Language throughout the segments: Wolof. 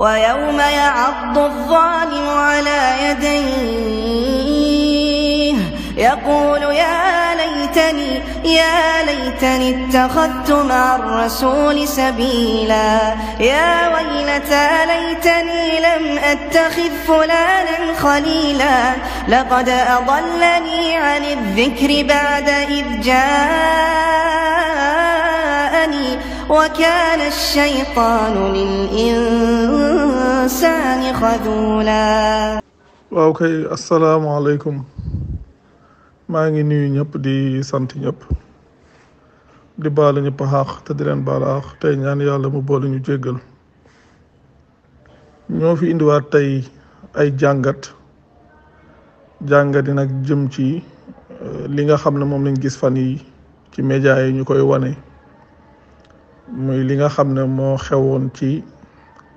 ويوم يعض الظالم على يديه يقول يا ليتني يا ليتني اتخذت مع الرسول سبيلا يا ويلتى ليتني لم اتخذ فلانا خليلا لقد اضلني عن الذكر بعد اذ جاء وكان waaw kay asalaamaaleykum maa ngi nuyu ñëpp di sant ñëpp di baalu ñëpp xaax te di leen baal xaax tey ñaan yàlla mu boole ñu jéggal ñoo fi indiwaat tey ay jàngat jàngat yi nag jëm ci eh, li nga xam ne moom lañ gis fan yi ci média yi ñu koy wane muy li nga xam ne moo xewoon ci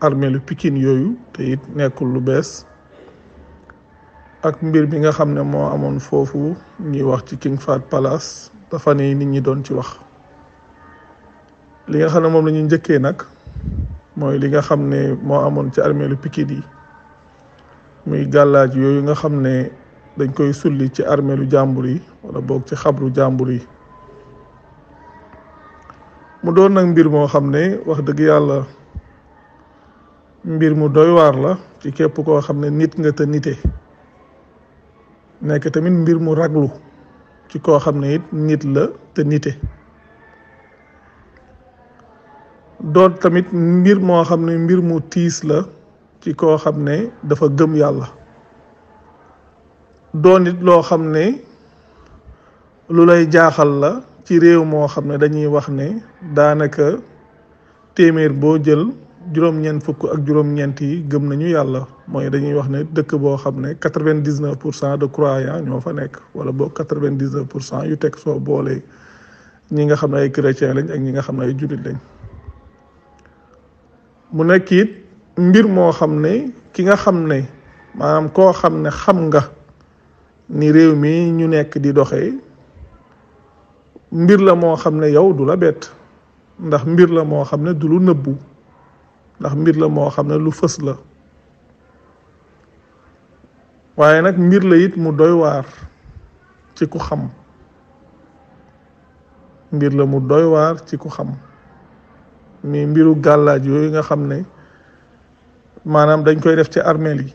armeelu Pikine yooyu te it nekkul lu bees ak mbir bi nga xam ne moo amoon foofu ñuy wax ci King palaas Palace dafa ne nit ñi doon ci wax li nga xam ne moom lañuy njëkkee nag mooy li nga xam ne moo amoon ci armeelu pikin yi muy gàllaaj yooyu nga xam ne dañ koy sulli ci armeelu jàmbur yi wala boog ci xabru jàmbur yi mu doon nag mbir moo xam ne wax dëgg yàlla mbir mu doy waar la ci képp koo xam ne nit nga te nite nekk tamit mbir mu raglu ci koo xam ne it nit la te doon tamit mbir moo xam ne mbir mu tiis la ci koo xam ne dafa gëm yàlla doon it loo xam ne lu lay jaaxal la ci réew moo xam ne dañuy wax ne daanaka téeméer boo jël juróom-ñeent fukk ak juróom-ñeent yi gëm nañu yàlla mooy dañuy wax ne dëkk boo xam ne quatre vingt dix pour cent de croyants ñoo fa nekk wala boo quatre vingt dix pour cent yu teg soo boolee ñi nga xam ne ay chrétien lañ ak ñi nga xam ne ay jullit lañ mu nekk it mbir moo xam ne ki nga xam ne maanaam koo xam ne xam nga ni réew mi ñu nekk di doxee mbir la moo xam ne yow du la bett ndax mbir la moo xam ne du lu nëbbu ndax mbir la moo xam ne lu fës la waaye nag mbir la it mu doy waar ci ku xam mbir la mu doy waar ci ku xam mais mbiru gàllaaj yooyu nga xam ne maanaam dañ koy def ci armeel yi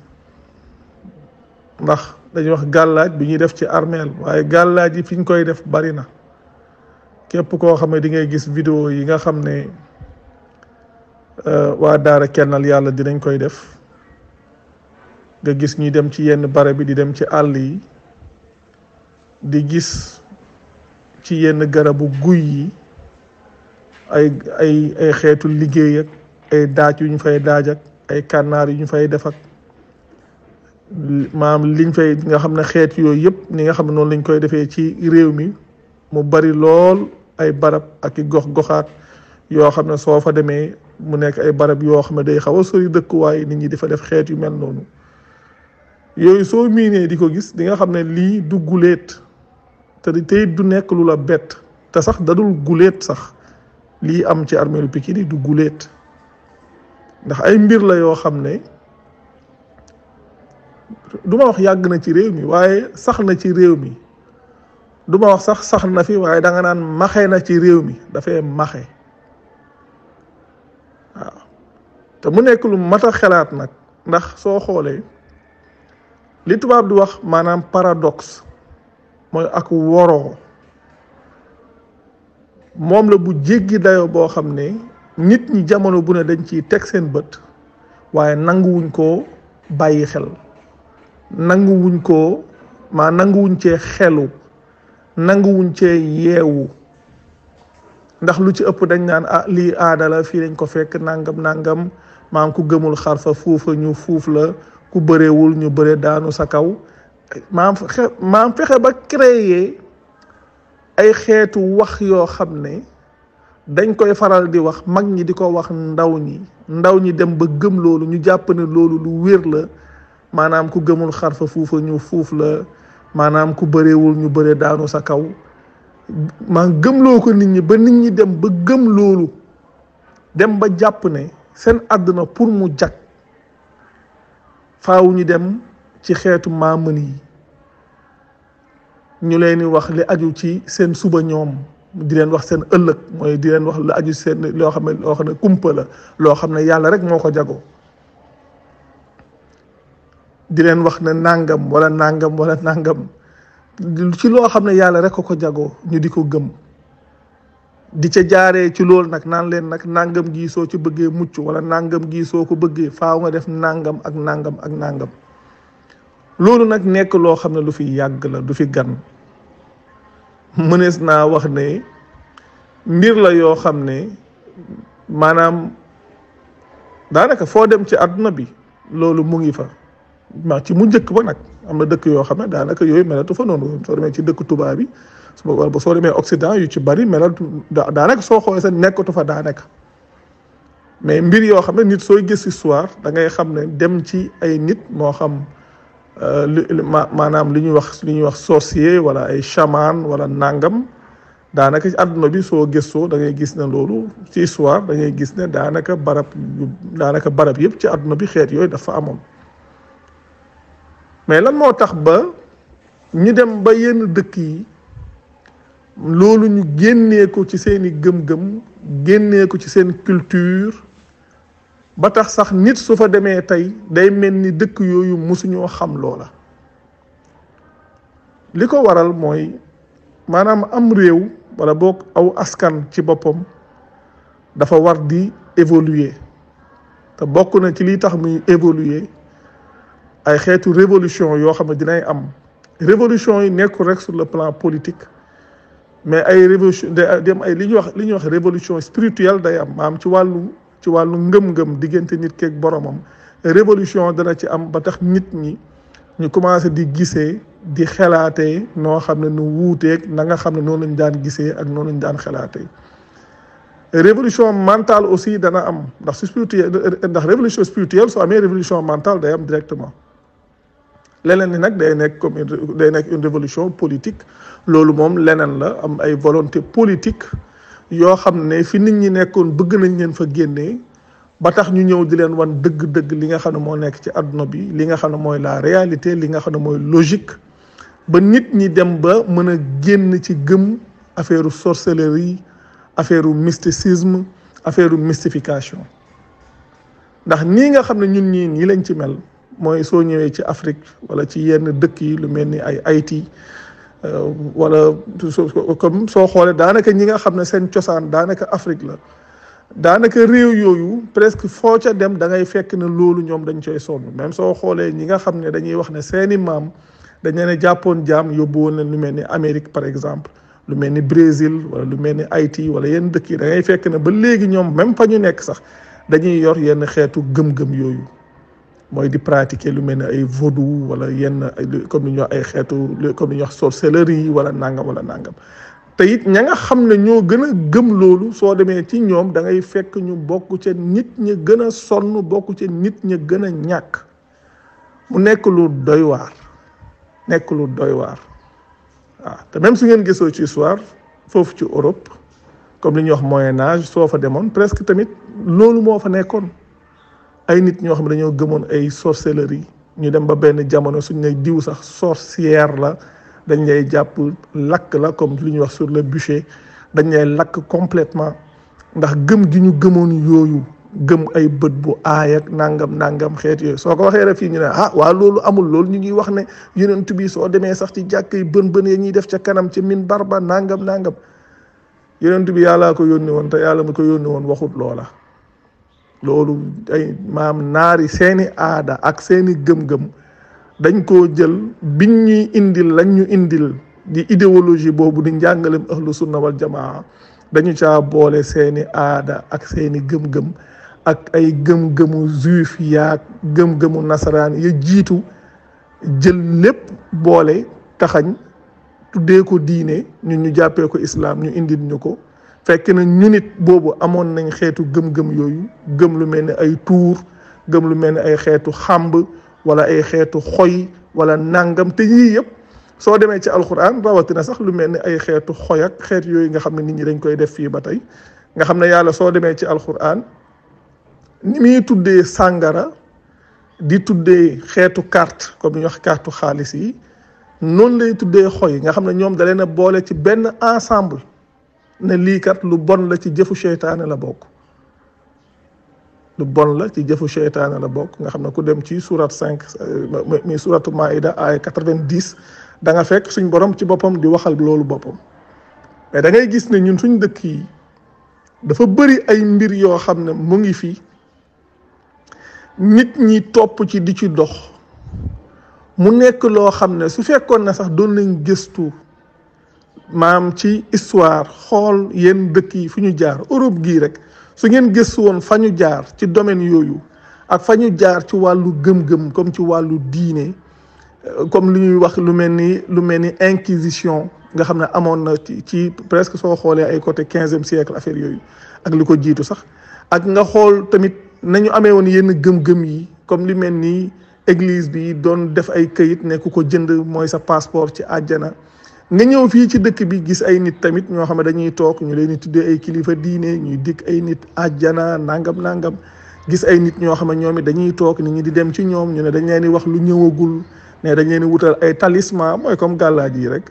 ndax dañuy wax gàllaaj bi ñuy def ci armeel waaye gàllaaj yi fi ñu koy def bari na képp koo xam ne di ngay gis vidéo yi nga xam ne euh, waa daara kennal yàlla dinañ koy def nga gis ñuy dem ci yenn bare bi di dem ci àll yi di gis ci yenn garabu guy yi ay ay ay xeetu liggéey ak ay daaj yu fay daaj ay kànnaar yu ñu fay def ak maam liñ fay nga xam ne xeet yooyu yëpp ni nga xam ne noonu lañ koy defee ci réew mi mu bari lool ay barab ak gox goxat yo xamne so fa deme mu nek ay barab yo xamne day xawa a dekk way nit ñi difa def xeet yu mel nonu yoy so miinee di gis di nga xamne li du gulet te tey du nek lula bet te sax dadul gulet sax li am ci armeelu Pikine du gulet ndax ay mbir la yo xamne duma wax yag na ci rew mi waye sax na ci rew mi. duma wax sax sax na fi waaye da nga naan maxe na ci réew mi dafay maxe waaw te mu nekk lu mat a xelaat nag ndax soo xoolee li tubaab di wax maanaam paradoxe mooy ak woroo moom la bu jéggi dayo boo xam ne nit ñi jamono bu ne dañ ciy teg seen bët waaye nanguwuñ koo bàyyi xel nanguwuñ koo maa nanguwuñ cee xelu nanguwuñ cee yewu ndax lu ci ëpp dañ naan ah li aada la fii lañ ko fekk nangam nangam maam ku gëmul xarfa fuufa ñu fuuf la ku bëreewul ñu bëre daanu sa kaw maam fexe maam fexe ba créer ay xeetu wax yoo xam ne dañ koy faral di wax mag ñi di ko wax ndaw ñi ndaw ñi dem ba gëm loolu ñu jàpp ne loolu lu wér la maanaam ku gëmul xarfa fuufa ñu fuuf la maanaam ku barewul ñu bëree daanu sa kaw maa gëmloo ko nit ñi ba nit ñi dem ba gëm loolu dem ba jàpp ne seen àdduna pour mu jag faaw ñu dem ci xeetu maamën yi ñu leen di wax li aju ci seen suba ñoom di leen wax seen ëllëg mooy di leen wax lu aju seen loo xam ne loo xam ne kumpa la loo xam ne yàlla rek moo ko jago di leen wax ne nangam wala nangam wala nangam ci loo xam ne yàlla rek ko ko jagoo ñu di ko gëm di ca jaare ci loolu nag naan leen nag nangam gii soo ci bëggee mucc wala nangam gii soo ko bëggee faaw nga def nangam ak nangam ak nangam loolu nag nekk loo xam ne lu fi yàgg la du fi gan mënees naa wax ne mbir la yoo xam ne maanaam daanaka foo dem ci àdduna bi loolu mu ngi fa. ma ci mu njëkk ba nag am na dëkk yoo xam ne daanaka yooyu melatu fa noonu soo demee ci dëkk tubaab bi ba soo demee Occident yu ci bari melatu daanaka soo xoolee sa nekkatu fa daanaka mais mbir yoo xam ne nit sooy gis histoire da ngay xam ne dem ci ay nit moo xam euh, li maanaam li ñuy wax li ñuy wax sorcier wala ay chaman wala nangam daanaka ci àdduna bi soo gëstoo da ngay gis ne loolu ci histoire da gis ne daanaka barab daanaka barab yëpp ci àdduna bi xeet yooyu dafa amoon. mais lan moo tax ba ñu dem ba yenn dëkk yi loolu ñu génnee ko ci seeni gëm-gëm génnee ko ci seen culture ba tax sax nit su fa demee tey day mel ni dëkk yooyu mosuñoo xam loola li ko waral mooy maanaam am réew wala boog aw askan ci boppam dafa war di évoluer te bokk na ci li tax muy évoluer ay xeetu révolution yoo xam ne dinañ am révolution yi nekkul rek sur le plan politique mais ay révolution dem ay li ñuy wax li ñuy wax révolution spirituelle day am maam ci wàllu ci wàllu ngëm-ngëm diggante nit keeg boromam révolution dana ci am ba tax nit ñi ñu commencé di gisee di xelaatee noo xam ne nu wuuteeg na nga xam ne noonu lañ daan gisee ak noonu lañ daan xelaatee révolution mentale aussi dana am ndax spirituelle ndax révolution spirituelle soo amee révolution mentale day am directement leneen ni nag day nekk comme day nekk une révolution politique loolu moom leneen la am ay volonté politique yoo xam ne fi nit ñi nekkoon bëgg nañ leen fa génnee ba tax ñu ñëw di leen wan dëgg-dëgg li nga xam ne moo nekk ci àdduna bi li nga xam ne mooy la réalité li nga xam ne mooy logique ba nit ñi dem ba mën a génn ci gëm affaire sorcellerie affaire mysticisme affaire mystification ndax nii nga xam ne ñun ñii nii lañ ci mel mooy soo ñëwee ci Afrique wala ci yenn dëkk yi lu mel ni ay Haïti euh, wala comme soo xoolee daanaka ñi nga xam ne seen cosaan daanaka Afrique la daanaka réew yooyu presque foo ca dem da ngay fekk ne loolu ñoom dañ koy sonn même soo xoolee ñi nga xam ne dañuy wax ne seeni maam dañ ne jàppoon jaam yóbbu woon leen lu mel ni Amérique par exemple lu mel ni Brésil wala lu mel ni Haïti wala yenn dëkk yi da ngay fekk ne ba léegi ñoom même fa ñu nekk sax dañuy yor yenn xeetu gëm-gëm yooyu. mooy di pratiquer lu mel ne ay vaudou wala yenn comme ni ñuy wax ay xeetu comme ni ñuy wax sorcellerie wala nangam wala nangam te it ña nga xam ne ñoo gën a gëm loolu soo demee ci ñoom da fekk ñu bokk ca nit ñi gën a sonn bokk ca nit ñi gën a ñàkk mu nekk lu doy waar nekk te même su ngeen gisoo ci histoire foofu ci Europe comme li ñuy wax Moyen soo fa demoon presque tamit loolu moo fa nekkoon. ay nit ñoo xam dañoo gëmoon ay sorcellerie ñu dem ba benn jamono suñ ne diw sax sorcière la dañ lay jàpp lakk la comme li wax sur le bûcher dañ lay lakk complètement ndax gëm gi ñu gëmoon yooyu gëm ay bët bu aay ak nangam nangam xeet yooyu soo ko waxee rek fii ñu ne ah waa loolu amul loolu ñu ngi wax ne yonent bi soo demee sax ci jàkk bën bën ya ñuy def ca kanam ci min barba nangam nangam yonent bi ala ko yónni woon te yàlla mu ko yónni woon waxut loola loolu maam naari seeni aada ak seeni gëm-gëm dañ ko jël biñ ñuy indil lañ ñu indil di idéologie boobu di njàngalem ahlu sunna wal jamaa dañu caa boole seeni aada ak seeni gëm-gëm ak ay gëm-gëmu juif yaag gëm-gëmu nasaraan yi jiitu jël lépp boole taxañ tuddeeku diine ñu ñu jàppee ko islaam ñu indil ñu ko fekk na ñu nit boobu amoon nañ xeetu gëm-gëm yooyu gëm lu mel ni ay tuur gëm lu mel ni ay xeetu xàmb wala ay xeetu xoy wala nangam te yii yëpp soo demee ci alquran rawatina sax lu mel ni ay xeetu xoy ak xeet yooyu nga xam ne nit ñi dañ koy def fii ba tey nga xam ne yàlla soo demee ci alquran ni muy tuddee sàngara di tuddee xeetu carte comme ñu wax carte xaalis yi noonu lay tuddee xoy nga xam ne ñoom da na boole ci benn ensemble ne lii kat lu bon la ci jëfu seytaane la bokk lu bon la ci jëfu seytaane la bokk nga xam ne ku dem ci surat cinq euh, mi suratu maida ay quatre-vingt-dix da nga fekk suñ borom ci boppam di waxal loolu boppam mais da gis ne ñun suñ dëkk yi dafa bari ay mbir yoo xam ne mu ngi fi nit ñi topp ci di ci dox mu nekk loo xam ne su fekkoon ne sax doon nañ gëstu maam ci histoire xool yenn dëkk yi fu ñu jaar Europe gii rek su ngeen gëstu woon fa ñu jaar ci domaine yooyu ak fa ñu jaar ci wàllu gëm-gëm comme ci wàllu diine euh, comme li ñuy wax lu mel ni lu mel ni inquisition nga xam ne amoon na ci ci presque soo xoolee ay côté quinzième siècle affaire yooyu ak li ko jiitu sax ak nga xool tamit nañu amee woon yenn gëm-gëm yi comme li mel ni église bi doon def ay kayit ne ku ko jënd mooy sa passeport ci àjjana nga ñëw fii ci dëkk bi gis ay nit tamit ñoo xam ne dañuy toog ñu leen di tuddee ay kilifa diine ñuy dikk ay nit àjjana nangam nangam gis ay nit ñoo xam ne ñoom it dañuy toog nit ñi di dem ci ñoom ñu ne dañ leen di wax lu ñëwagul ne dañ leen di wutal ay talisman mooy comme gàllaaj yi rek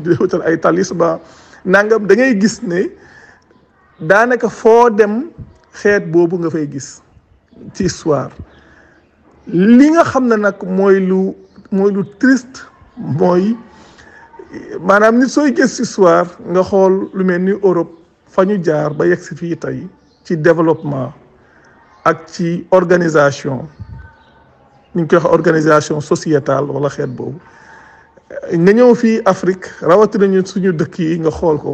di wutal ay talisman nangam da ngay gis ne daanaka foo dem xeet boobu nga fay gis ci histoire li nga xam ne nag mooy lu mooy lu triste mooy maanaam nit sooy gis histoire nga xool lu mel ni Europe fa ñu jaar ba yegg si fii tey ci développement ak ci organisation ni ñu koy wax organisation sociétale wala xeet boobu nga ñëw fii Afrique rawatina ñu suñu dëkk yi nga xool ko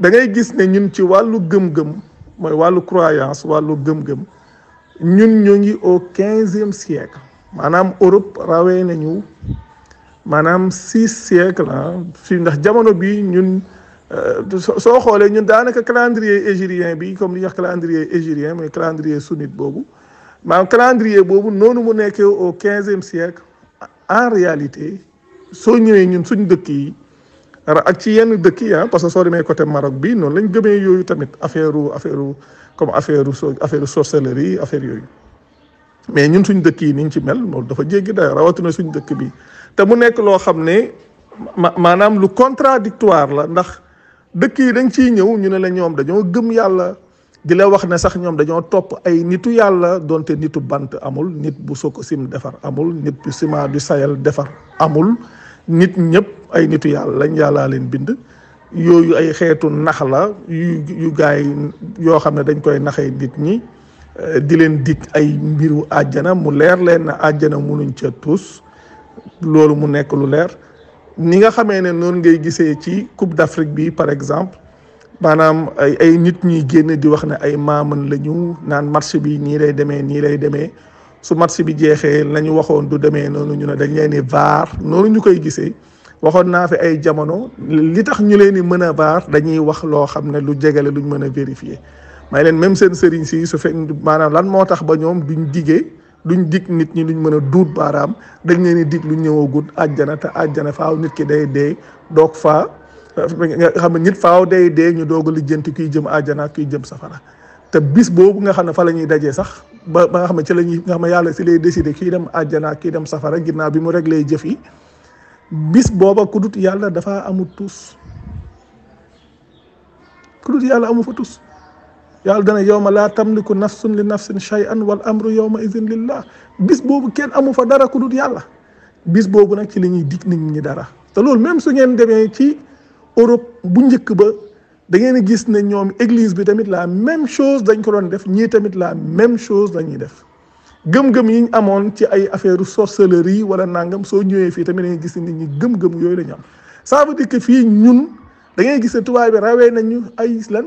dangay gis ne ñun ci wàllu gëm-gëm mooy wàllu croyance wàllu gëm-gëm ñun ñoo ngi au quinzième siècle maanaam Europe rawee nañu manam 6 siècle ah fi ndax jamono bi ñun so xolé ñun danaka calendrier hégirien bi comme li wax calendrier hégirien mais calendrier sunnite bobu manam calendrier bobu nonu mu nekké au 15e siècle en réalité so ñëwé ñun suñ dëkk yi ak ci yenn dëkk yi parce que so démé côté Maroc bi non lañ gëmé yoyu tamit affaireu affaireu comme affaireu affaireu sorcellerie affaire yoyu mais ñun suñ dëkk yi niñ ci mel lool dafa jéggi da rawatu na suñ dëkk bi te mu nekk loo xam ne maanaam lu contradictoire la ndax dëkk yi dañ ciy ñëw ñu ne la ñoom dañoo gëm yàlla di la wax ne sax ñoom dañoo topp ay nitu yàlla donte nitu bant amul nit bu sim defar amul nit bu sima du sayal defar amul nit ñëpp ay nitu yàlla lañ yàllaa leen bind yooyu ay xeetu nax la yu yu gaay yoo xam ne dañ koy naxee nit ñi eh, di leen dit ay mbiru àjjana mu leer leen na àjjana munuñ ca tous loolu mu nekk lu leer ni nga xamee ne noonu ngay gisee ci Coupe d'Afrique bi par exemple maanaam ay nit ñuy génn di wax na ay maaman la ñu naan match bi ñii lay demee nii lay demee su match bi jeexee la ñu waxoon du demee noonu ñu ne dañ leen vaar noonu ñu koy gisee waxoon naa fi ay jamono li tax ñu leen di mën a vaar dañuy wax loo xam ne lu jegale luñ mën a vérifier may leen même seen sëriñ si su fekk maanaam lan moo tax ba ñoom duñ digee duñ dig nit ñi luñ mën a duut baaraam dañ leen di dig lu ñëwagut àjjana te àjjana faaw nit ki day dee doog faa xam ne nit faaw day dee ñu doog a lijjanti kuy jëm àjjana ak kuy jëm safara te bis boobu nga xam ne fa la ñuy dajee sax ba ba nga xam ne ci la ñuy nga xam yàlla si lay décider kiy dem àjjana ak kiy dem safara ginna bi mu réglé jëf yi bis booba ku yàlla dafa amut tus ku yàlla amu fa tus yàlla dana yow ma laa tamliku nafsun li nafsin shay'an wal amru yow ma izin lillah bis boobu kenn amu fa dara ku dul yàlla bis boobu nag ci la ñuy nit ñi dara te loolu même su ngeen demee ci Europe bu njëkk ba da ngeen a gis ne ñoom église bi tamit la même chose dañ ko doon def ñii tamit la même chose la def gëm-gëm yi ñu amoon ci ay affaire sorcellerie wala nangam soo ñëwee fii tamit da ngay gis nit ñi gëm-gëm yooyu la ñu am ça veut dire que fii ñun da ngay gis ne bi rawee nañu ay lan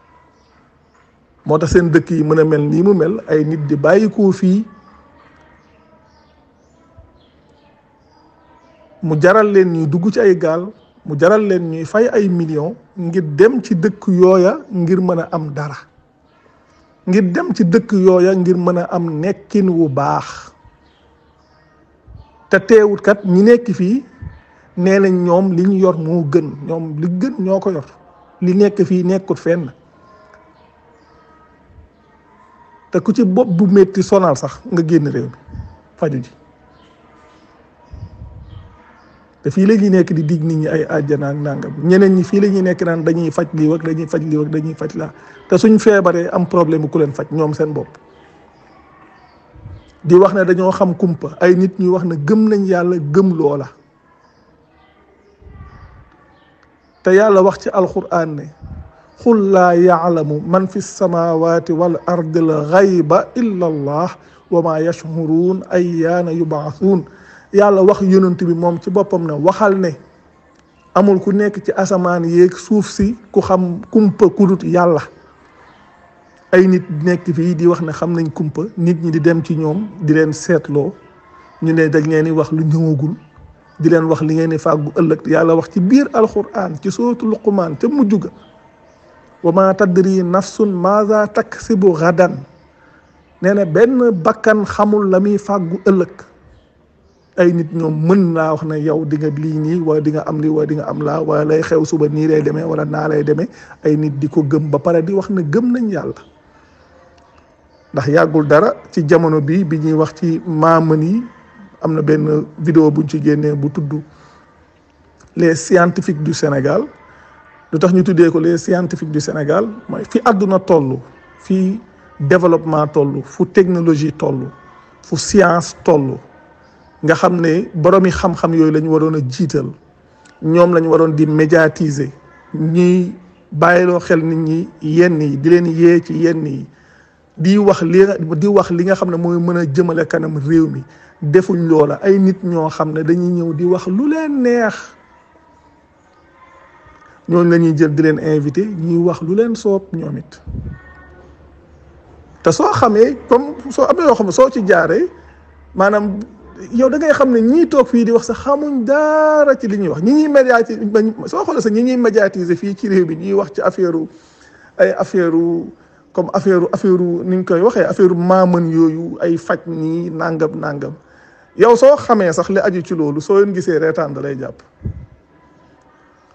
moo tax seen dëkk yi mën a mel nii mu mel ay nit di bàyyikoo fii mu jaral leen ñuy dugg ci ay gaal mu jaral leen ñuy fay ay millions ngir dem ci dëkk yooya ngir mën a am dara ngir dem ci dëkk yooya ngir mën a am nekkin wu baax te teewut kat ñi nekk fii nee nañ ñoom li ñu yor moo gën ñoom li gën ñoo ko yor li nekk fii nekkut fenn te ku ci bopp bu metti sonal sax nga génn réew mi faju ji te fii la nekk di dig nit ñi ay àjjana ak nangam ñeneen ñi fii la nekk naan dañuy faj lii wak dañuy faj lii wak dañuy faj laa te suñ feebaree am problème ku leen faj ñoom seen bopp di wax ne dañoo xam kumpa ay nit ñuy wax na gëm nañ yàlla gëm loola te yàlla wax ci alxuraan ne قل لا يعلم من في السماوات والأرض الغيب إلا الله وما يشهرون أيان يبعثون يالا وخ يونتي بي موم سي بوبام نا وخال ني امول كو نيك سي اسمان ييك سوف سي كو خام كومبا كودوت يالا اي نيت نيك في دي وخ نا خام نين كومبا نيت ني دي ديم سي نيوم دي لين سيتلو ني ني داج ني وخ لو نيوغول دي لين وخ لي ني فاغو الك يالا وخ سي بير القران سي سوره لقمان تي مجوغا wa ma tadri nafsun takk taksibu gadan nee na benn bakkan xamul la muy fàggu ëllëg ay nit ñoom mën naa wax ne yow di nga lii ñii wala di nga am lii wala di nga am laa waa lay xew suba nii lay demee wala naa lay demee ay nit di ko gëm ba pare di wax na gëm nañ yàlla ndax yàggul dara ci jamono bi bi ñuy wax ci maam maamën yi am na benn vidéo buñ ci génnee bu tudd les scientifiques du Sénégal lu tax ñu tuddee ko les scientifiques du Sénégal mooy fi àdduna toll fi développement toll fu technologie toll fu science toll nga xam ne boromi xam-xam yooyu lañu waroon a jiital ñoom la ñu waroon di médiatiser ñuy bàyyiloo xel nit ñi yenn yi di leen yee ci yenn yi di wax di wax li nga xam ne mooy mën a jëmale kanam réew mi defuñ loola ay nit ñoo xam ne dañuy ñëw di wax lu leen neex. ñooñ lañuy ñuy jël di leen invité ñuy wax lu leen soob ñoom it te soo xamee comme soo amee yoo xam soo ci jaaree maanaam yow da ngay xam ne ñii toog fii di wax sax xamuñ dara ci li ñuy wax ñi ñuy médiati soo xoole sax ñi ñuy médiatiser fii ci réew bi ñuy wax ci affaire ay affaire comme affaire affaire ni ñu koy waxee affaire maaman yooyu ay faj nii nangam nangam yow soo xamee sax li aju ci loolu soo leen gisee reetaan da lay jàpp.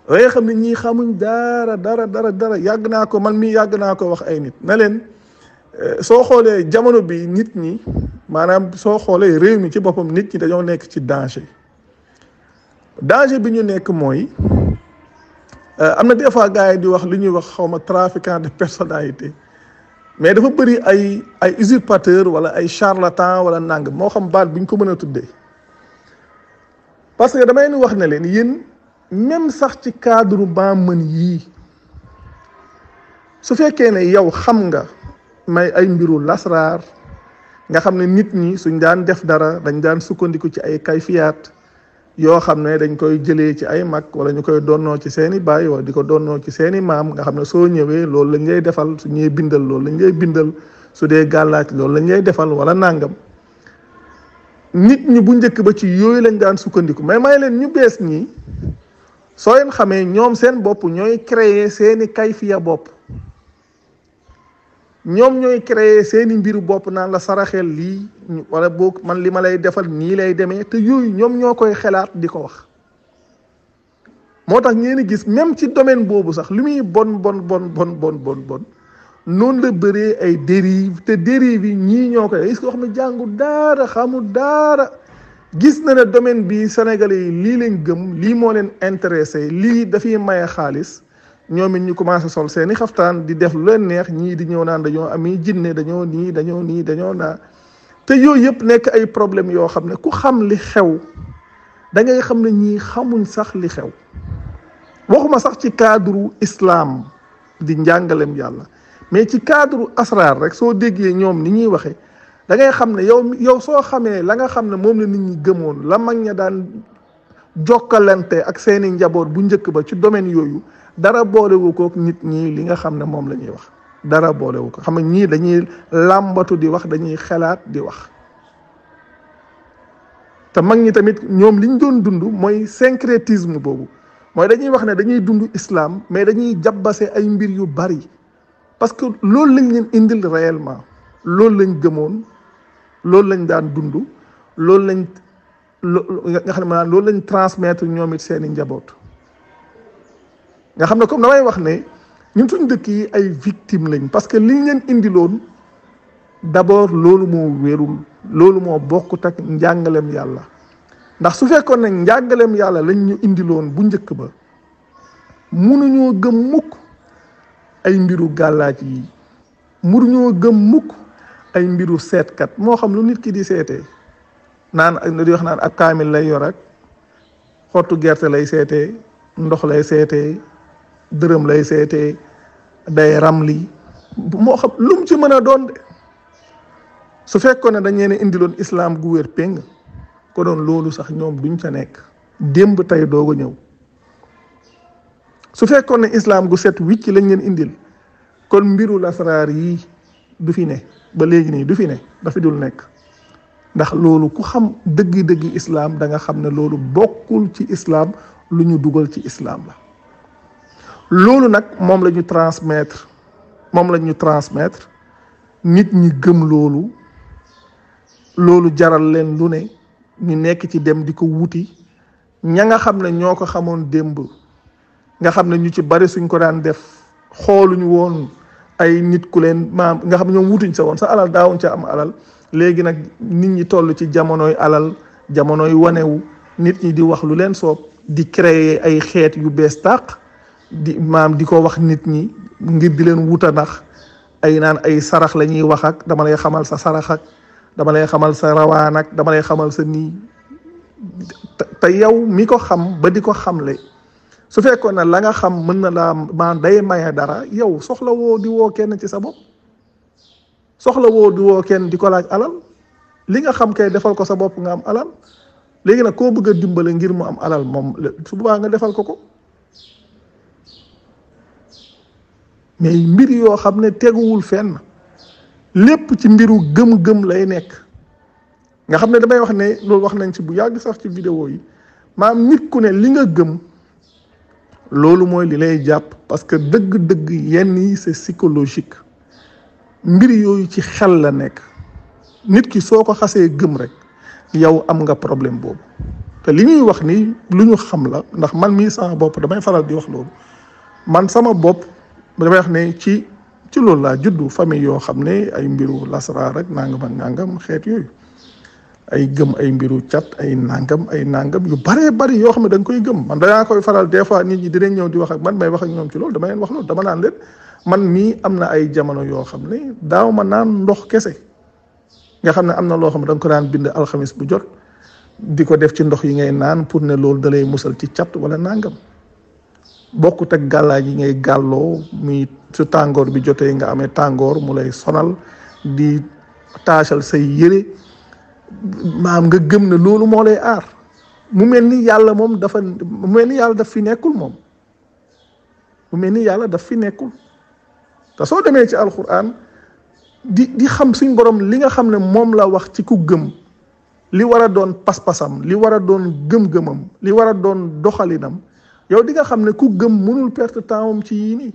da xam ne ñii xamuñ dara dara dara dara yàgg naa ko man mii yàgg naa ko wax ay nit na leen eh, soo xoolee jamono bi nit ñi maanaam soo xoolee réew mi ci boppam nit ñi dañoo nekk ci danger danger bi ñu nekk mooy eh, am na des fois gars yi di wax li ñuy wax xaw ma trafiquant de personnalité mais dafa bëri ay ay usurpateur wala ay charlatan wala nang moo xam baat bi ñu ko mën a tuddee parce que damay nu wax na leen yéen. même sax ci cadre ba mën yii su fekkee ne yow xam nga may ay mbiru lasraar nga xam ne nit ñi suñ daan def dara dañ daan sukkandiku ci ay kayfiyaat yoo xam ne dañ koy jële ci ay mag wala ñu koy donnoo ci seeni baay wala di ko donnoo ci seeni maam nga xam ne soo ñëwee loolu lañ ngay defal su ñuy bindal loolu lañ ngay bindal su dee gàllaaj loolu lañ ngay defal wala nàngam nit ñi bu njëkk ba ci yooyu lañ daan sukkandiku mais may leen ñu bees ñi soo leen xamee ñoom seen bopp ñooy créer seeni kayfiya bopp ñoom ñooy créer seeni mbiru bopp naan la saraxel lii wala boog man li ma lay defal ñii lay demee te yooyu ñoom ñoo koy xelaat di ko wax moo tax ngeen gis même ci domaine boobu sax lu muy bon bon bon bon bon bon bon noonu la bëree ay dérive te dérive yi ñii ñoo koy gis ko xam ne jàngu daara xamul daara gis na ne domaine bi Sénégalais yi lii leen gëm lii moo leen intéressé lii dafay maye xaalis ñoom it ñu commencé sol seeni xaftaan di def leen neex ñii di ñëw naan dañoo ami jinne dañoo nii dañoo nii dañoo naa te yooyu yëpp nekk ay problème yoo xam ne ku xam li xew da ngay xam ne ñii xamuñ sax li xew waxuma sax ci cadre islam di njàngalem yàlla mais ci cadre asraar rek soo déggee ñoom ni ñuy waxee da ngay xam ne yow yow soo xamee la nga xam ne moom la nit ñi gëmoon la mag ña daan jokkalante ak seeni njaboot bu njëkk ba ci domaine yooyu dara boolewu ko nit ñi li nga xam ne moom la ñuy wax dara boolewu ko xam ne ñii dañuy làmbatu di wax dañuy xelaat di wax te mag ñi tamit ñoom liñ doon dund mooy syncrétisme boobu mooy dañuy wax ne dañuy dund islam mais dañuy jabbase ay mbir yu bari parce que loolu lañ leen indil réellement loolu lañ gëmoon loolu lañ daan dund loolu lañ nga xam ne loolu lañ transmettre ñoom seen i njaboot nga xam ne comme damay wax ne ñu suñ dëkk yi ay victime lañ parce que liñ leen indiloon d'abord loolu moo wérul loolu moo bokkut ak njàngalem yàlla ndax su fekkoon ne njàngalem yàlla lañ ñu indiloon bu njëkk ba munuñoo gëm mukk ay mbiru gàllaaj yi munuñoo gëm mukk ay mbiru seetkat moo xam lu nit kii di seetee naan di wax naan ab kaamil lay yor ak xottu gerte lay seetee ndox lay seetee dërëm lay seetee day ramli moo xam lu ci mën a doon de su fekkoon ne dañ leen indiloon islam gu wér péng ko doon loolu sax ñoom duñ ca nekk démb tey doog a ñëw su fekkoon ne islam gu set wicc lañ leen indil kon mbiru lasraar yi du fi ne ba léegi nii du fi ne dafi dul nekk ndax loolu ku xam dëgg-dëgg islaam da nga xam ne loolu bokkul ci islaam lu ñu dugal ci islaam la loolu nag moom la ñu transmettre moom la ñu transmettre nit ñi gëm loolu loolu jaral leen lu ne ñu nekk ci dem di ko wuti ña nga xam ne ñoo ko xamoon démb nga xam ne ñu ci bari suñ ko daan def xooluñu woon ay nit ku leen maam nga xam ñoom wutuñ sa woon sa alal daawuñ ca am alal léegi nag nit ñi toll ci jamonoy alal jamonoy wanewu nit ñi di wax lu leen soob di créer ay xeet yu bees tàq di maam di ko wax nit ñi ngir di leen wuta ndax ay naan ay sarax la ñuy wax ak dama lay xamal sa sarax dama lay xamal sa rawaan ak dama lay xamal sa nii te yow mi ko xam ba di ko xamle su fekkoon na la nga xam mën na laa maan day maye dara yow soxla woo di kenn ci sa bopp soxla woo di woo kenn di ko laaj alal li nga xam kay defal ko sa bopp nga am alal léegi nag koo bëgg a dimbale ngir mu am alal moom su boobaa nga defal ko ko mais mbir yoo xam ne teguwul fenn lépp ci mbiru gëm-gëm lay nekk nga xam ne damay wax ne loolu wax nañ si bu yàgg sax ci vidéo yi maam nit ku ne li nga gëm loolu mooy li lay jàpp parce que dëgg-dëgg yenn yi c'est psychologique mbir yooyu ci xel la nekk nit ki soo ko xasee gëm rek yow am nga problème boobu te li ñuy wax ni lu ñu xam la ndax man mii sama bopp damay faral di wax loolu man sama bopp damay wax ne ci ci loolu laa juddu famille yoo xam ne ay mbiru lasraar rek nangam ak nangam xeet yooyu ay gëm ay mbiru cat ay nangam ay nangam yu baree bari yoo xam ne da koy gëm man danaa faral des fois nit ñi dinañ ñëw di ak man may wax ak ñoom ci loolu dama leen wax loolu dama naan leen man mii am na ay jamono yoo xam ne daaw ma naan ndox kese nga xam ne am na loo xam ne da nga ko daan bind alxamis bu jot di ko def ci ndox yi ngay naan pour ne loolu dalay musal ci cat wala nangam bokkut ak gàllaa yi ngay gàlloo muy su tàngoor bi jotee nga amee tàngoor mu lay sonal di taasal say yére. maam nga gëm ne loolu moo lay aar mu mel ni yàlla moom dafa mu mel ni yàlla daf fi nekkul moom mu mel ni yàlla daf fi nekkul te soo demee ci alquran di di xam suñ borom li nga xam ne moom la wax ci ku gëm li war a doon pas-pasam li war a doon gëm-gëmam li war a doon doxalinam yow di nga xam ne ku gëm mënul perte temps am ci yii nii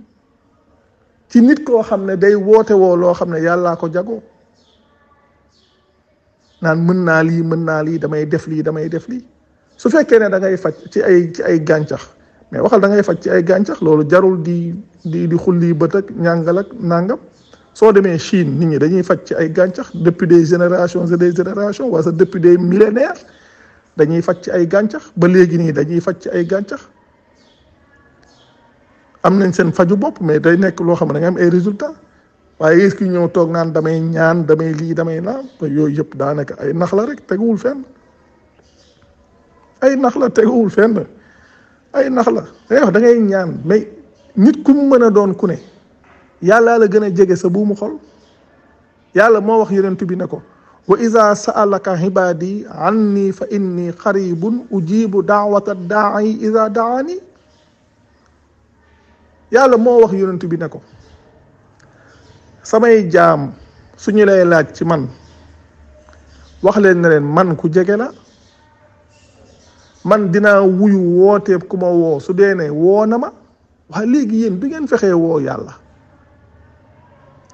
ci nit koo xam ne day woote woo loo xam ne yàllaa ko jagoo naan mën naa lii mën naa lii damay def lii damay def lii su fekkee ne da ngay faj ci ay ci ay gàncax mais waxal da ngay faj ci ay gàncax loolu jarul di di di xulli bët ak ñàngal ak nàngam soo demee Chine nit ñi dañuy faj ci ay gàncax depuis des génération et des générations wala sax depuis des millénaires dañuy faj ci ay gàncax ba léegi nii dañuy faj ci ay gàncax am nañ seen faju bopp mais day nekk loo xam ne da am ay résultats. waaye est-ce que ñëw toog naan damay ñaan damay lii damay naan te yooyu yëpp daanaka ay nax la rek teguwul fenn ay nax la teguwul fenn ay nax la day wax da ngay ñaan mais nit ku mu mën a doon ku ne yàlla la gën a jege sa buumu xol yàlla moo wax yonent bi ne ko wa iza sa'alaka ibadi anni fa inni qaribun ujibu daawata daai iza daani yàlla moo wax yonent bi ne ko samay jaam su ñu lay laaj ci man wax leen leen man ku jege la man dinaa wuyu wooteeb ku ma woo su dee ne woo na ma waaye léegi yéen bi ngeen fexe woo yàlla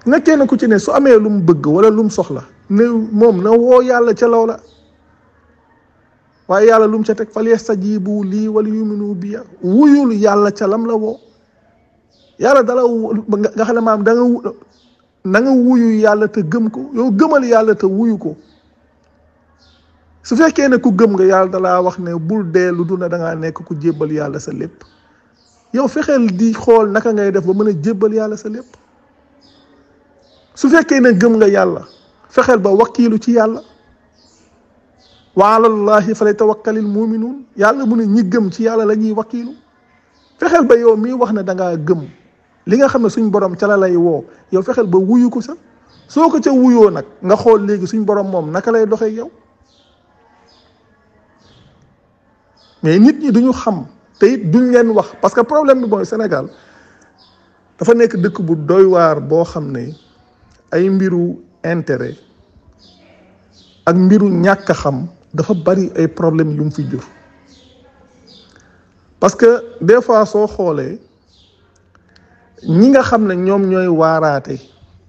na kenn ku ci ne su amee lu mu bëgg wala lu soxla ne moom na woo yàlla ca loola waaye yàlla lu ca teg fal yastajibu lii wal yuminu biya wuyul yàlla ca lam la woo yàlla dala nga xam maam da nga na nga wuyu yàlla te gëm ko yow gëmal yàlla te wuyu ko su fekkee ne ku gëm nga yàlla dalaa wax ne bul dee duna da ngaa nekk ku jébbal yàlla sa lépp yow fexeel di xool naka ngay def ba mën a jébbal yàlla sa lépp su fekkee ne gëm nga yàlla fexeel ba wakiilu ci yàlla wa alallahi fa lay tawakkalil muminuun yàlla mu ne ñi gëm ci yàlla la ñuy wakiilu ba yow mii wax ne da ngaa gëm li nga xamne ne suñ borom ci la lay wo yow fexel ba wuyu ko sa soko ci wuyo nak nga xol legi suñ borom mom naka lay doxee yow mais nit ñi duñu xam te it duñ leen wax parce que problème bi mooy Sénégal dafa nek dëkk bu doy war bo xamne ay mbiru intérêt ak mbiru ñàkk xam dafa bari ay problème yu mu fi jur parce que des fois so xolé ñi nga xam ne ñoom ñooy waaraate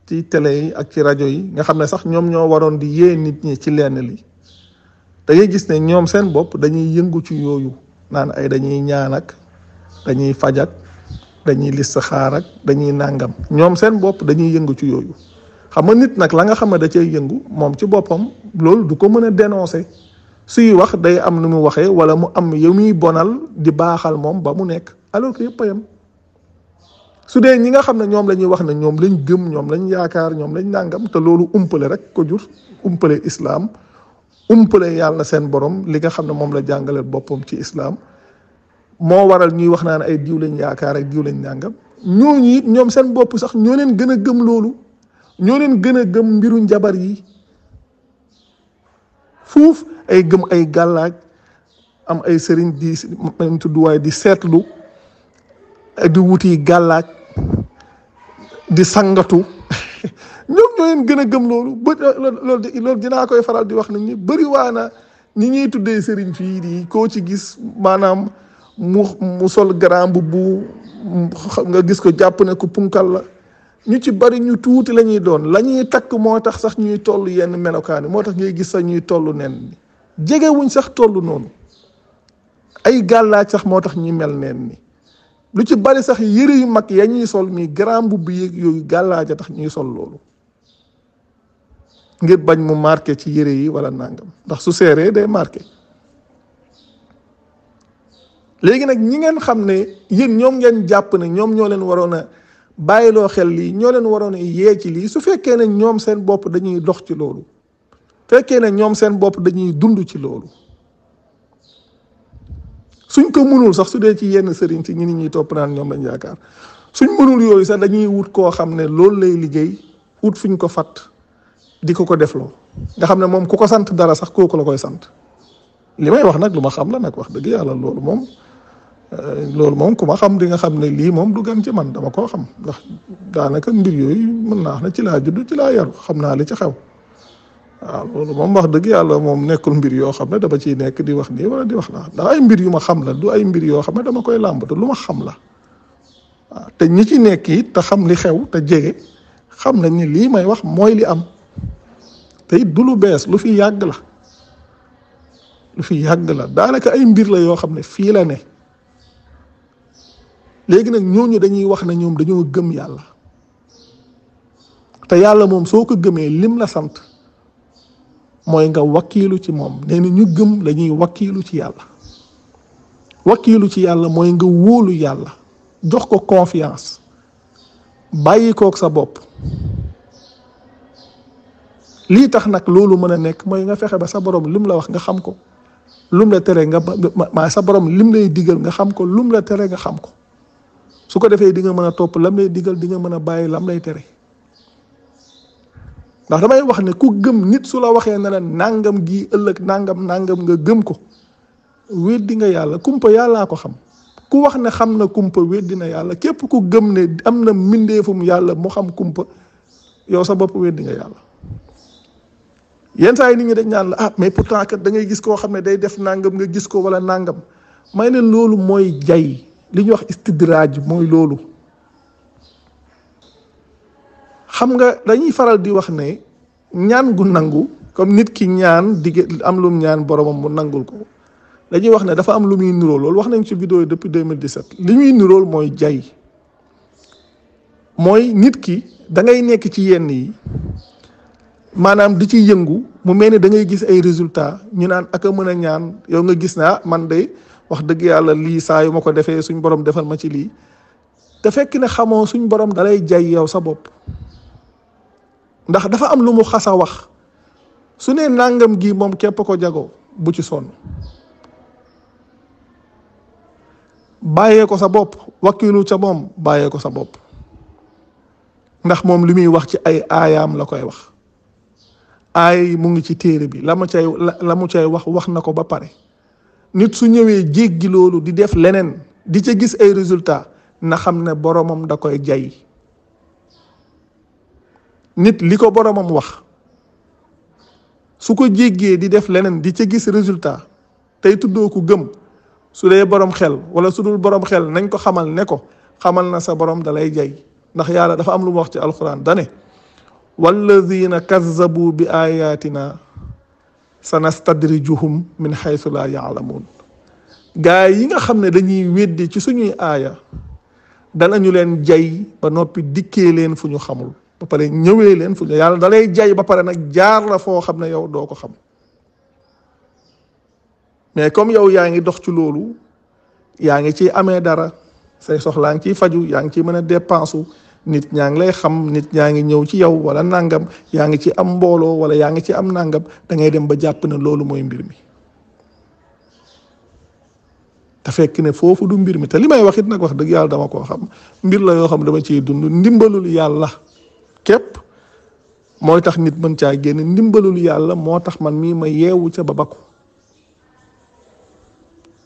ci tele yi ak ci rajo yi nga xam ne sax ñoom ñoo waroon di yee nit ñi ci lenn li da gis ne ñoom seen bopp dañuy yëngu ci yooyu naan ay dañuy ñaan dañuy fajak dañuy listixaar ak dañuy nàngam ñoom seen bopp dañuy yëngu ci yooyu xam nga nit nag la nga xam ne da cay yëngu moom ci boppam loolu du ko mën a dénoncer suy wax day am nu mu waxee wala mu am yu muy bonal di baaxal moom ba mu nekk alors que yëpp a su dee ñi nga xam ne ñoom la ñuy wax ne ñoom lañ gëm ñoom lañ yaakaar ñoom lañ nàngam te loolu umpale rek ko jur umpale islaam umpale yàlla seen borom li nga xam ne moom la jàngaleel boppam ci islaam moo waral ñuy wax naa ne ay diw lañ yaakaar ak diw lañ nàngam ñooñu it ñoom seen bopp sax ñoo leen gën a gëm loolu ñoo leen gën a gëm mbiru njabar yi fuuf ay gëm ay gàllaaj am ay sëriñ di tudd waaye di seetlu di wuti gàllaaj di sangatu ñoom ñoo leen gën a gëm loolu ba loolu loolu dinaa koy faral di wax nit ñi bëri waana ñi ñuy tuddee sëriñ fii di koo ci gis maanaam mu mu sol grand bu nga gis ko jàpp ne ko punkal la ñu ci bari ñu tuuti la ñuy doon la ñuy takk moo tax sax ñuy toll yenn melokaani moo tax ngay gis sax ñuy toll nen jegewuñ sax toll noonu ay gàllaaj sax moo tax ñuy mel nen ni lu ci bari sax yére yu mag ya ñuy sol mi grand mbubb yéeg yooyu gàllaaja tax ñuy sol loolu ngir bañ mu marqué ci yére yi wala nangam ndax su seeree day marqué léegi nag ñi ngeen xam ne yéen ñoom ngeen jàpp ne ñoom ñoo leen waroon a bàyyiloo xel lii ñoo leen waroon a yee ci lii su fekkee ne ñoom seen bopp dañuy dox ci loolu fekkee ne ñoom seen bopp dañuy dund ci loolu suñ ko mënul sax su dee ci yenn sëriñ si ñi nit ñuy topp naan ñoom lañ yaakaar suñ mënul yooyu sax dañuy wut koo xam ne loolu lay liggéey wut fuñ ko fat di ko ko defloo nga xam ne moom ku ko sant dara sax kooku la koy sant li may wax nag lu ma xam la nag wax dëgg yàlla loolu moom euh, loolu moom ku ma xam di nga xam ne lii moom du gan ci man dama koo xam ndax daanaka mbir yooyu mën naa wax na ci laa judd ci laa yaru xam naa li ci xew waaw ah, loolu moom wax dëgg yàlla moom nekkul mbir yoo xam ne dama ciy nekk di wax nii wala di wax naa ay mbir yu ma xam la du ay mbir yoo xam ne dama koy làmbatu lu ma xam la waaw ah, ñi ci nekk te xam li xew te jege xam nañ ni lii may wax mooy li am te it lu bees lu fi yàgg la lu fi yàgg la daanaka ay mbir la yoo xam ne fii la ne léegi nag ñooñu dañuy wax ne dañoo gëm yàlla te yàlla moom soo ko gëmee lim la sant. mooy nga wakiilu ci moom nee ñu gëm la ñuy wakiilu ci yàlla wakiilu ci yàlla mooy nga wóolu yàlla jox ko confiance bàyyi koog sa bopp lii tax nag loolu mën a nekk nga fexe ba sa borom lim la wax nga xam ko lum la tere nga ma sa borom lim lay digal nga xam ko lum la tere nga xam ko su ko defee di nga mën lam lay digal di nga mën a lam lay tere ndax damay wax ne ku gëm nit su la waxee ne la nangam gii ëllëg nangam nàngam nga gëm ko weddi nga yàlla kumpa yàllaa ko xam ku wax ne xam na kumpa weddi na yàlla képp ku gëm ne am na mbindeefum yàlla mu xam kumpa yow sa bopp weddi nga yàlla. yenn saa yi nit ñi dañ naan la ah mais pourtant kat da gis koo xam ne day def nangam nga gis ko wala nangam may ne loolu mooy jay li ñuy wax istidraaj mooy loolu. xam nga dañuy faral di wax ne ñaan gu nangu comme nit ki ñaan digg am lum ñaan boromam mu nangul ko dañuy wax ne dafa am lu muy niróol loolu wax nañ ci vidéo yi depuis 2017 li ñuy niróol mooy jay mooy nit ki dangay nekk ci yenn yi maanaam di ci yëngu mu mel ni da gis ay résultats ñu naan ak a mën a ñaan yow nga gis naa ah, man de wax dëgg yàlla lii saa yu ma ko defee suñ borom defal ma ci lii te fekk ne xamoo suñ borom dalay jay yow sa bopp. ndax dafa am lu mu xas wax su ne nangam gi moom képp ko jago bu ci sonn bàyyee ko sa bopp wakkilu ca moom bàyyee ko sa bopp ndax moom li muy wax ci ay aayaam la koy wax aay mu ngi ci téere bi la ma cay la mu cay wax wax na ko ba pare nit su ñëwee jéggi loolu di def leneen di ca gis ay résultat na xam ne boromam da koy jay nit liko boromam wax suko jegge di def lenen di ci gis résultat tay tuddo ko gëm su dee borom xel wala su dul borom xel nagn ko xamal ne ko xamal na sa borom dalay jey ndax yàlla dafa am lu wax ci alquran dane walladina kazzabu bi ayatina sanastadrijuhum min haythu la ya'lamun gaa yi nga xamne dañuy weddi ci suñuy aya dalañu len jey ba nopi dikke len fuñu xamul ba pare ñëwee leen fu ñu yàlla da lay jay ba pare nag jaar la foo xam ne yow doo ko xam mais comme yow yaa ngi dox ci loolu yaa ngi ci amee dara say soxlaa ngi ciy faju yaa ngi ciy mën a dépensu nit ñaa ngi lay xam nit ñaa ngi ñëw ci yow wala nangam yaa ngi ci am mbooloo wala yaa ngi ci am nangam da ngay dem ba jàpp ne loolu mooy mbir mi te fekk ne foofu du mbir mi te li may wax it nag wax dëgg yàlla dama koo xam mbir la yoo xam dama ciy dund ndimbalul yàlla képp mooy tax nit mën caa génn ndimbalul yàlla moo tax man mii ma yeewu ca ba bakku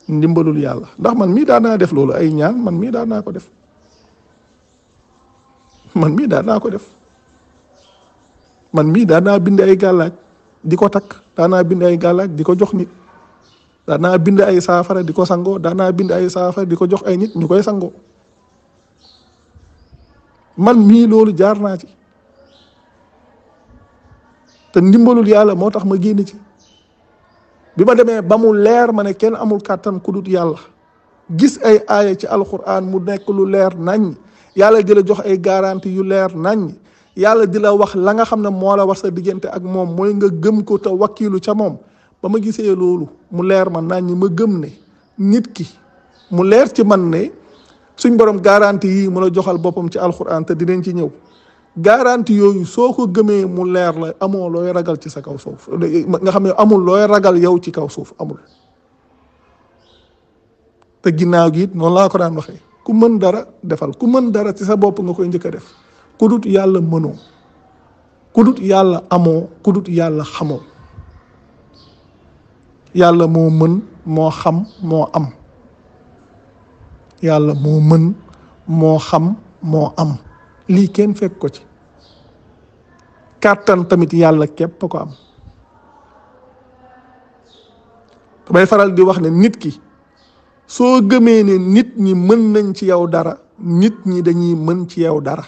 ndimbalul yàlla ndax man mii daan naa def loolu ay ñaan man mii daan naa ko def man mii daan naa ko def man mii daan naa bind ay gàllaaj di ko takk daan bind ay gàllaaj di ko jox nit daan bind ay saafara di ko sangoo daan bind ay saafara di ko jox ay nit ñu koy sangoo man mii loolu jaar naa ci. te ndimbalul yalla motax ma genn ci bima demé bamou leer amul katan kudut yalla gis ay aya ci alquran mu nek lu leer nañ yalla di jox ay garanti yu leer nañ yalla di la wax la nga xam mo la war sa diggante ak mom moy nga gëm ko te wakilu ca mom bama ma lolu mu leer ma nañ ma gëm ne nit ki mu leer ci man ne suñ borom garanti yi mu la joxal bopam ci alquran te dinañ ci ñëw garanti yooyu soo ko gëmee mu leer la amoo looy ragal ci sa kaw suuf nga xam ne amul looy ragal yow ci kaw suuf amul te ginnaaw gi it noonu laa ko daan waxee ku mën dara defal ku mën dara ci sa bopp nga koy njëkk a def ku yàlla mënoo ku yàlla amoo ku yàlla xamoo yàlla moo mën moo xam moo am yàlla moo mën moo xam moo am lii kenn fekk ko ci kàttan tamit yàlla képp ko am damay faral di wax ne nit ki soo gëmee ne nit ñi mën nañ ci yow dara nit ñi dañuy mën ci yow dara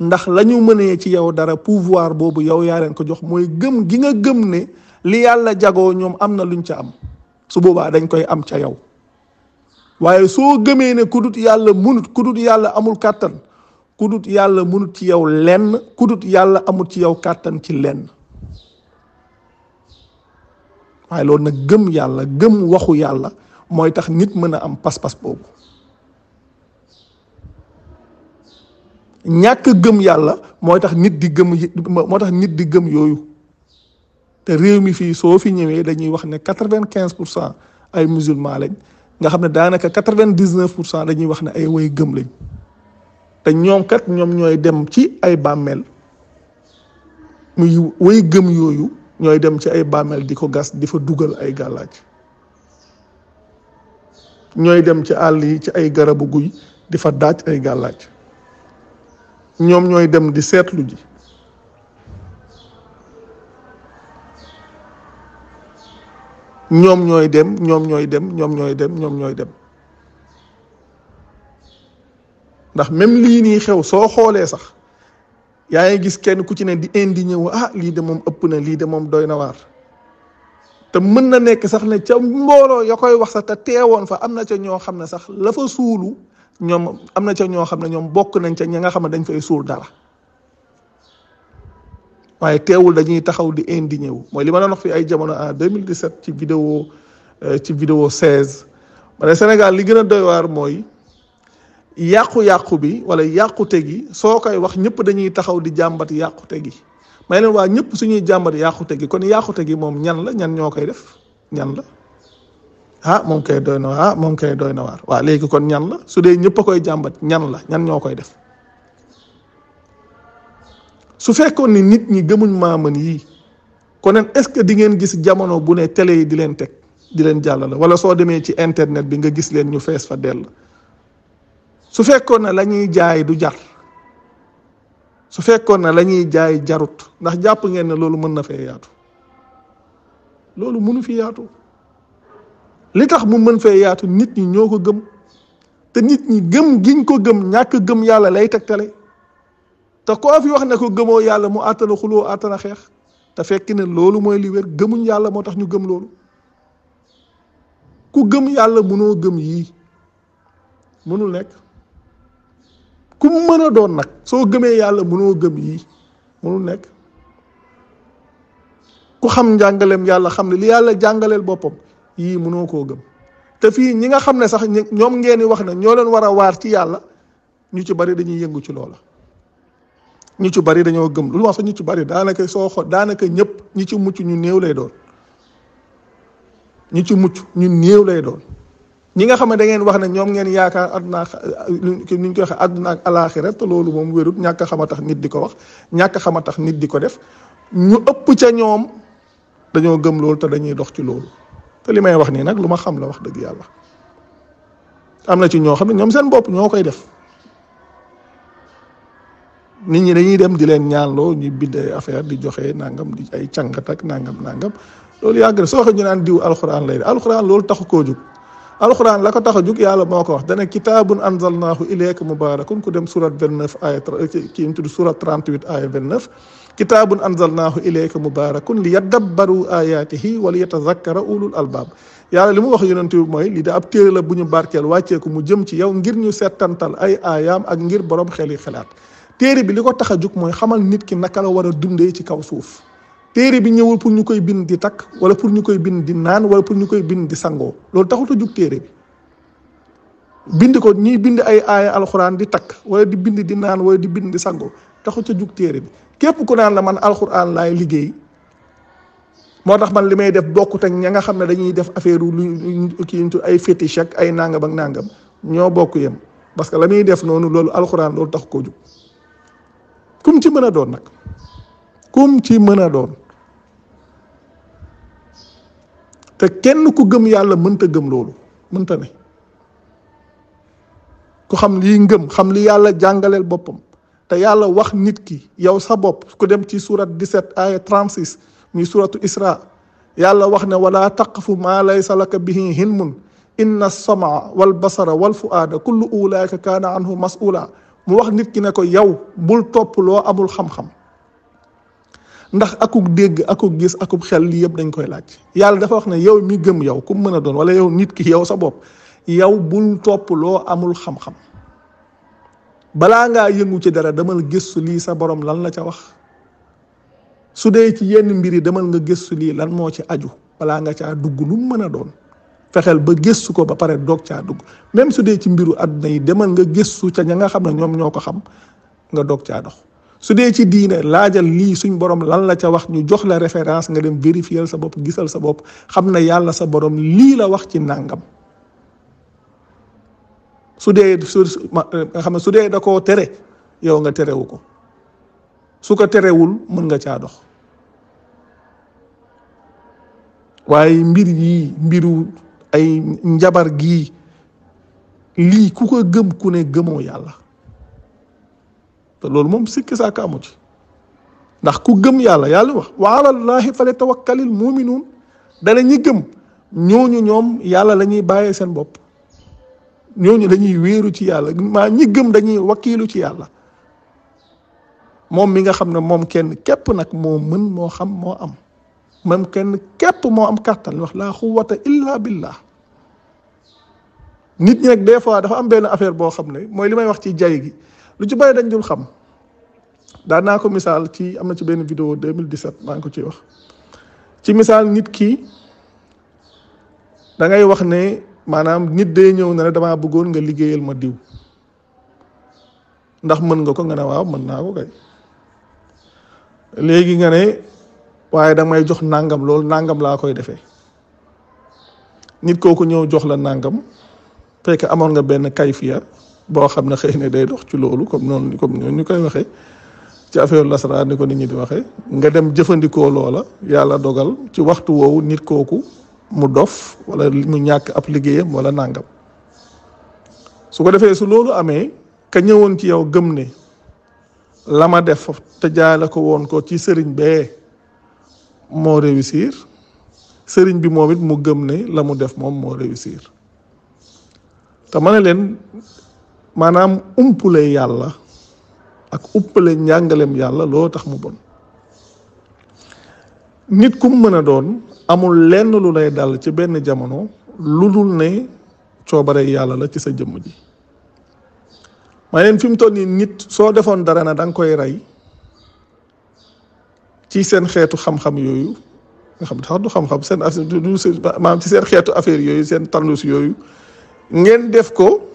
ndax lañu ñu mënee ci yow dara pouvoir boobu yow yaa leen ko jox mooy gëm gi nga gëm ne li yàlla jagoo ñoom am na luñ ca am su boobaa dañ koy am ca yow waaye soo gëmee ne ku yàlla munut ku yàlla amul kàttan kudut yàlla mënut ci yow lenn kudut yàlla amut ci yow kàttan ci lenn waaye loolu nag gëm yàlla gëm waxu yàlla mooy tax nit mën a am pas-pas boobu ñàkk gëm yàlla mooy tax nit di gëm moo tax nit di gëm yooyu te réew mi fii soo fi ñëwee dañuy wax ne quatre-vingt-quinze pour cent ay musulman lañ nga xam ne daanaka quatre-vingt-dix-neuf pour cent dañuy wax ne ay way gëm lañ te ñoom kat ñoom ñooy dem ci ay bàmmeel muy way gëm yooyu ñooy dem ci ay bàmmeel di ko gas di fa dugal ay gàllaaj ñooy dem ci àll yi ci ay garabu guy di fa daaj ay gàllaaj ñoom ñooy dem di seetlu ji ñoom ñooy dem ñoom ñooy dem ñoom ñooy dem ñoom ñooy dem ndax même lii nii xew soo xoolee sax yaa ngi gis kenn ku ci ne di indigné wu ah lii de moom ëpp na lii de moom doy na waar te mën na nekk sax ne ca mbooloo ya koy wax sax te teewoon fa am na ca ñoo xam ne sax la fa ñoom am na ca ñoo xam ne ñoom bokk nañ ca ña nga xam ne dañ fay suul dara waaye teewul dañuy taxaw di indigné wu mooy li ma na wax fii ay jamono en 2017 ci vidéo euh, ci vidéo 16 mane ne Sénégal li gën a doy waar mooy. yàqu-yàqu bi wala yàqute gi soo koy wax ñëpp dañuy taxaw di jàmbat yàqute gi may leen waa ñëpp suñuy jàmbat yàqute gi kon yàqute gi moom ñan la ñan ñoo koy def ñan la ah moom koy doy na ah moom koy doy na waar waa léegi kon ñan la su dee ñëpp a koy jàmbat ñan la ñan ñoo koy def su fekkoon ni nit ñi gëmuñ maaman yi kon est-ce que di ngeen gis jamono bu ne télé yi di leen teg di leen jàllale wala soo demee ci internet bi nga gis leen ñu fees fa dell su fekkoon na lañuy jaay du jar su fekkoon na la jaay jarut ndax jàpp ngeen ne loolu mën na fee yaatu loolu mënu fi yaatu li tax mu mën fee yaatu nit ñi ñoo ko gëm te nit ñi gëm giñ ko gëm ñàkk gëm yàlla lay tegtale te koo fi wax ne ko gëmoo yàlla mu àttana xuloo àttana xeex te fekk ne loolu mooy li gëmuñ yàlla moo tax ñu gëm loolu ku gëm yàlla mënoo gëm yii mënul nekk ku mu mën a doon nag soo gëmee yàlla munoo gëm yii mënul nekk ku xam njàngaleem yàlla xam ne li yàlla jàngaleel boppam yii mënoo koo gëm te fii ñi nga xam ne sax ñoom ngeen di wax ne ñoo leen war a waar ci yàlla ñu ci bari dañuy yëngu ci loola. ñu ci bari dañoo gëm lu wax sax ñu ci bari daanaka soo xo daanaka ñëpp ñu ci mucc ñu néew lay doon ñu ci mucc ñu néew lay doon. ñi nga xam ne da ngeen wax na ñoom ngeen yaakaar àdduna euh, ni koy waxee àdduna ak alaaxira te loolu moom wérut ñàkk xam tax nit di ko wax ñàkk xam a tax nit di ko def ñu ëpp ca ñoom dañoo gëm loolu te dañuy dox ci lool te li may wax nii nag lu ma xam la wax dëgg yàlla am na ci ñoo xam ne ñoom seen bopp ñoo koy def nit ñi dañuy dem di leen ñaan ñaanloo ñu bindee affaire di joxe nangam di ay càngat ak nangam nangam loolu yàgg na soo waxee ñu naan diw alxuraan lay def alxuraan loolu taxu koo jóg. alxuraan la ko tax a jug yàlla moo ko wax dana kitaabun anzalnaahu ilayka mubaarakun ku dem surat 29 aya kii ñu tudd surat 38 aya 29 kitaabun anzalnaahu ilayka mubaarakun li yaddabbaru ayaatihi wa li yatazakkara ulul albaab yàlla li mu wax yonent bi mooy da ab téere la bu ñu barkeel wàcceeku mu jëm ci yow ngir ñu settantal ay aayaam ak ngir borom xel yi xelaat téere bi li ko tax a jug mooy xamal nit ki naka la war ci kaw suuf téere bi ñëwul pour ñu koy bind di takk wala pour ñu koy bind di naan wala pour ñu koy bind di sangoo loolu taxut a jug téere bi bind ko ñiy bind ay aaya alxuraan di takk wala di bind di naan wala di bind di sangoo taxut a jug téere bi képp ku naan la man alxuraan laay liggéey moo tax man li may def bokkut ak ña nga xam ne dañuy def affaire lu kii ay fétiche ak ay nangam ak nangam ñoo bokk yem parce que la muy def noonu loolu alxuraan loolu tax koo jug ci mën a doon nag kum ci mën doon. te kenn ku gëm yàlla mënta gëm loolu mënta ne ku xam lii ngëm xam li yàlla jàngaleel boppam te yàlla wax nit ki yow sa bopp ku dem ci suurat 17 aya 36 muy suratu isra yàlla wax ne wala taqfu maa laysa laka bihi hilmun inna samaa wal basara wal fuaada kullu ulaika kaana anhu mas'ula mu wax nit ki ne ko yow bul topp loo amul xam-xam ndax akuk dégg akuk gis akuk xel lii yëpp dañ koy laaj yàlla dafa wax na yow mi gëm yow ku mën a doon wala yow nit ki yow sa bopp yow bul topp loo amul xam-xam balaa ngaa yëngu ci dara demal gëstu lii sa borom lan la ca wax su dee ci yenn mbir yi demal nga gëstu lii lan moo ci aju balaa nga caa dugg lu mu mën a doon fexeel ba gëstu ko ba pare doog caa dugg même su dee ci mbiru àdduna yi demal nga gëstu ca ña nga xam ne ñoom ñoo ko xam nga doog caa dox. su dee ci diine laajal lii suñ borom lan la ca wax ñu jox la référence nga dem vérifier sa bopp gisal sa bopp xam na yàlla sa borom lii la wax ci nàngam su dee xam ne su dee da koo tere yow nga terewu ko su ko terewul mën nga caa dox waaye mbir yii mbiru ay njabar gii lii ku ko gëm ku ne gëmoo yàlla te loolu moom sikki saaka amu ci ndax ku gëm yàlla yàlla wax wa alallahi fale tawakkalil muminuun dana ñi gëm ñooñu ñoom yàlla la ñuy bàyyee seen bopp ñooñu dañuy wéeru ci yàlla maa ñi gëm dañuy wakkiilu ci yàlla moom mi nga xam ne moom kenn képp nag moo mën moo xam moo am moom kenn képp moo am kàttan wax laa xuwata illa billah nit ñi nag des fois dafa am benn affaire boo xam ne mooy li may wax ci jay gi lu ci bëri dañ dul xam daan naa ko missaal ci am na ci benn vidéo 2017 maa ngi ko ciy wax ci misaal nit ki dangay wax ne maanaam nit de ñëw ne la damaa bëggoon nga liggéeyal ma diw ndax mën nga ko nga ne waaw mën naa ko kay léegi nga ne waaye da may jox nangam loolu nangam laa koy defee nit kooku ñëw jox la nangam fekk amoon nga benn kayfiya boo xam ne xëy na day dox ci loolu comme noonu comme noonu ñu koy waxee ci affaire lasaraan ni ko ni ñu di waxee nga dem jëfandikoo loola yàlla dogal ci waxtu woowu nit kooku mu dof walla mu ñàkk ab liggéeyam wala nàngam su ko defee su loolu amee ka ñëwoon ci yow gëm ne lama def te jaale ko woon ko ci sëriñ bee moo réussir sëriñ bi moom it mu gëm ne la mu def moom moo réussir te ma leen maanaam umpule yàlla ak uppale njàngalem yàlla loo tax mu bon nit kum mën a doon amul lenn lu lay dal ci benn jamono lu dul ne coobare yàlla la ci sa jëmm ji may leen fi mu toll nii nit soo defoon dara na da koy rey ci seen xeetu xam-xam yooyu xam sax du seen affaire maanaam xeetu affaire yooyu seen tàllus yooyu ngeen def ko.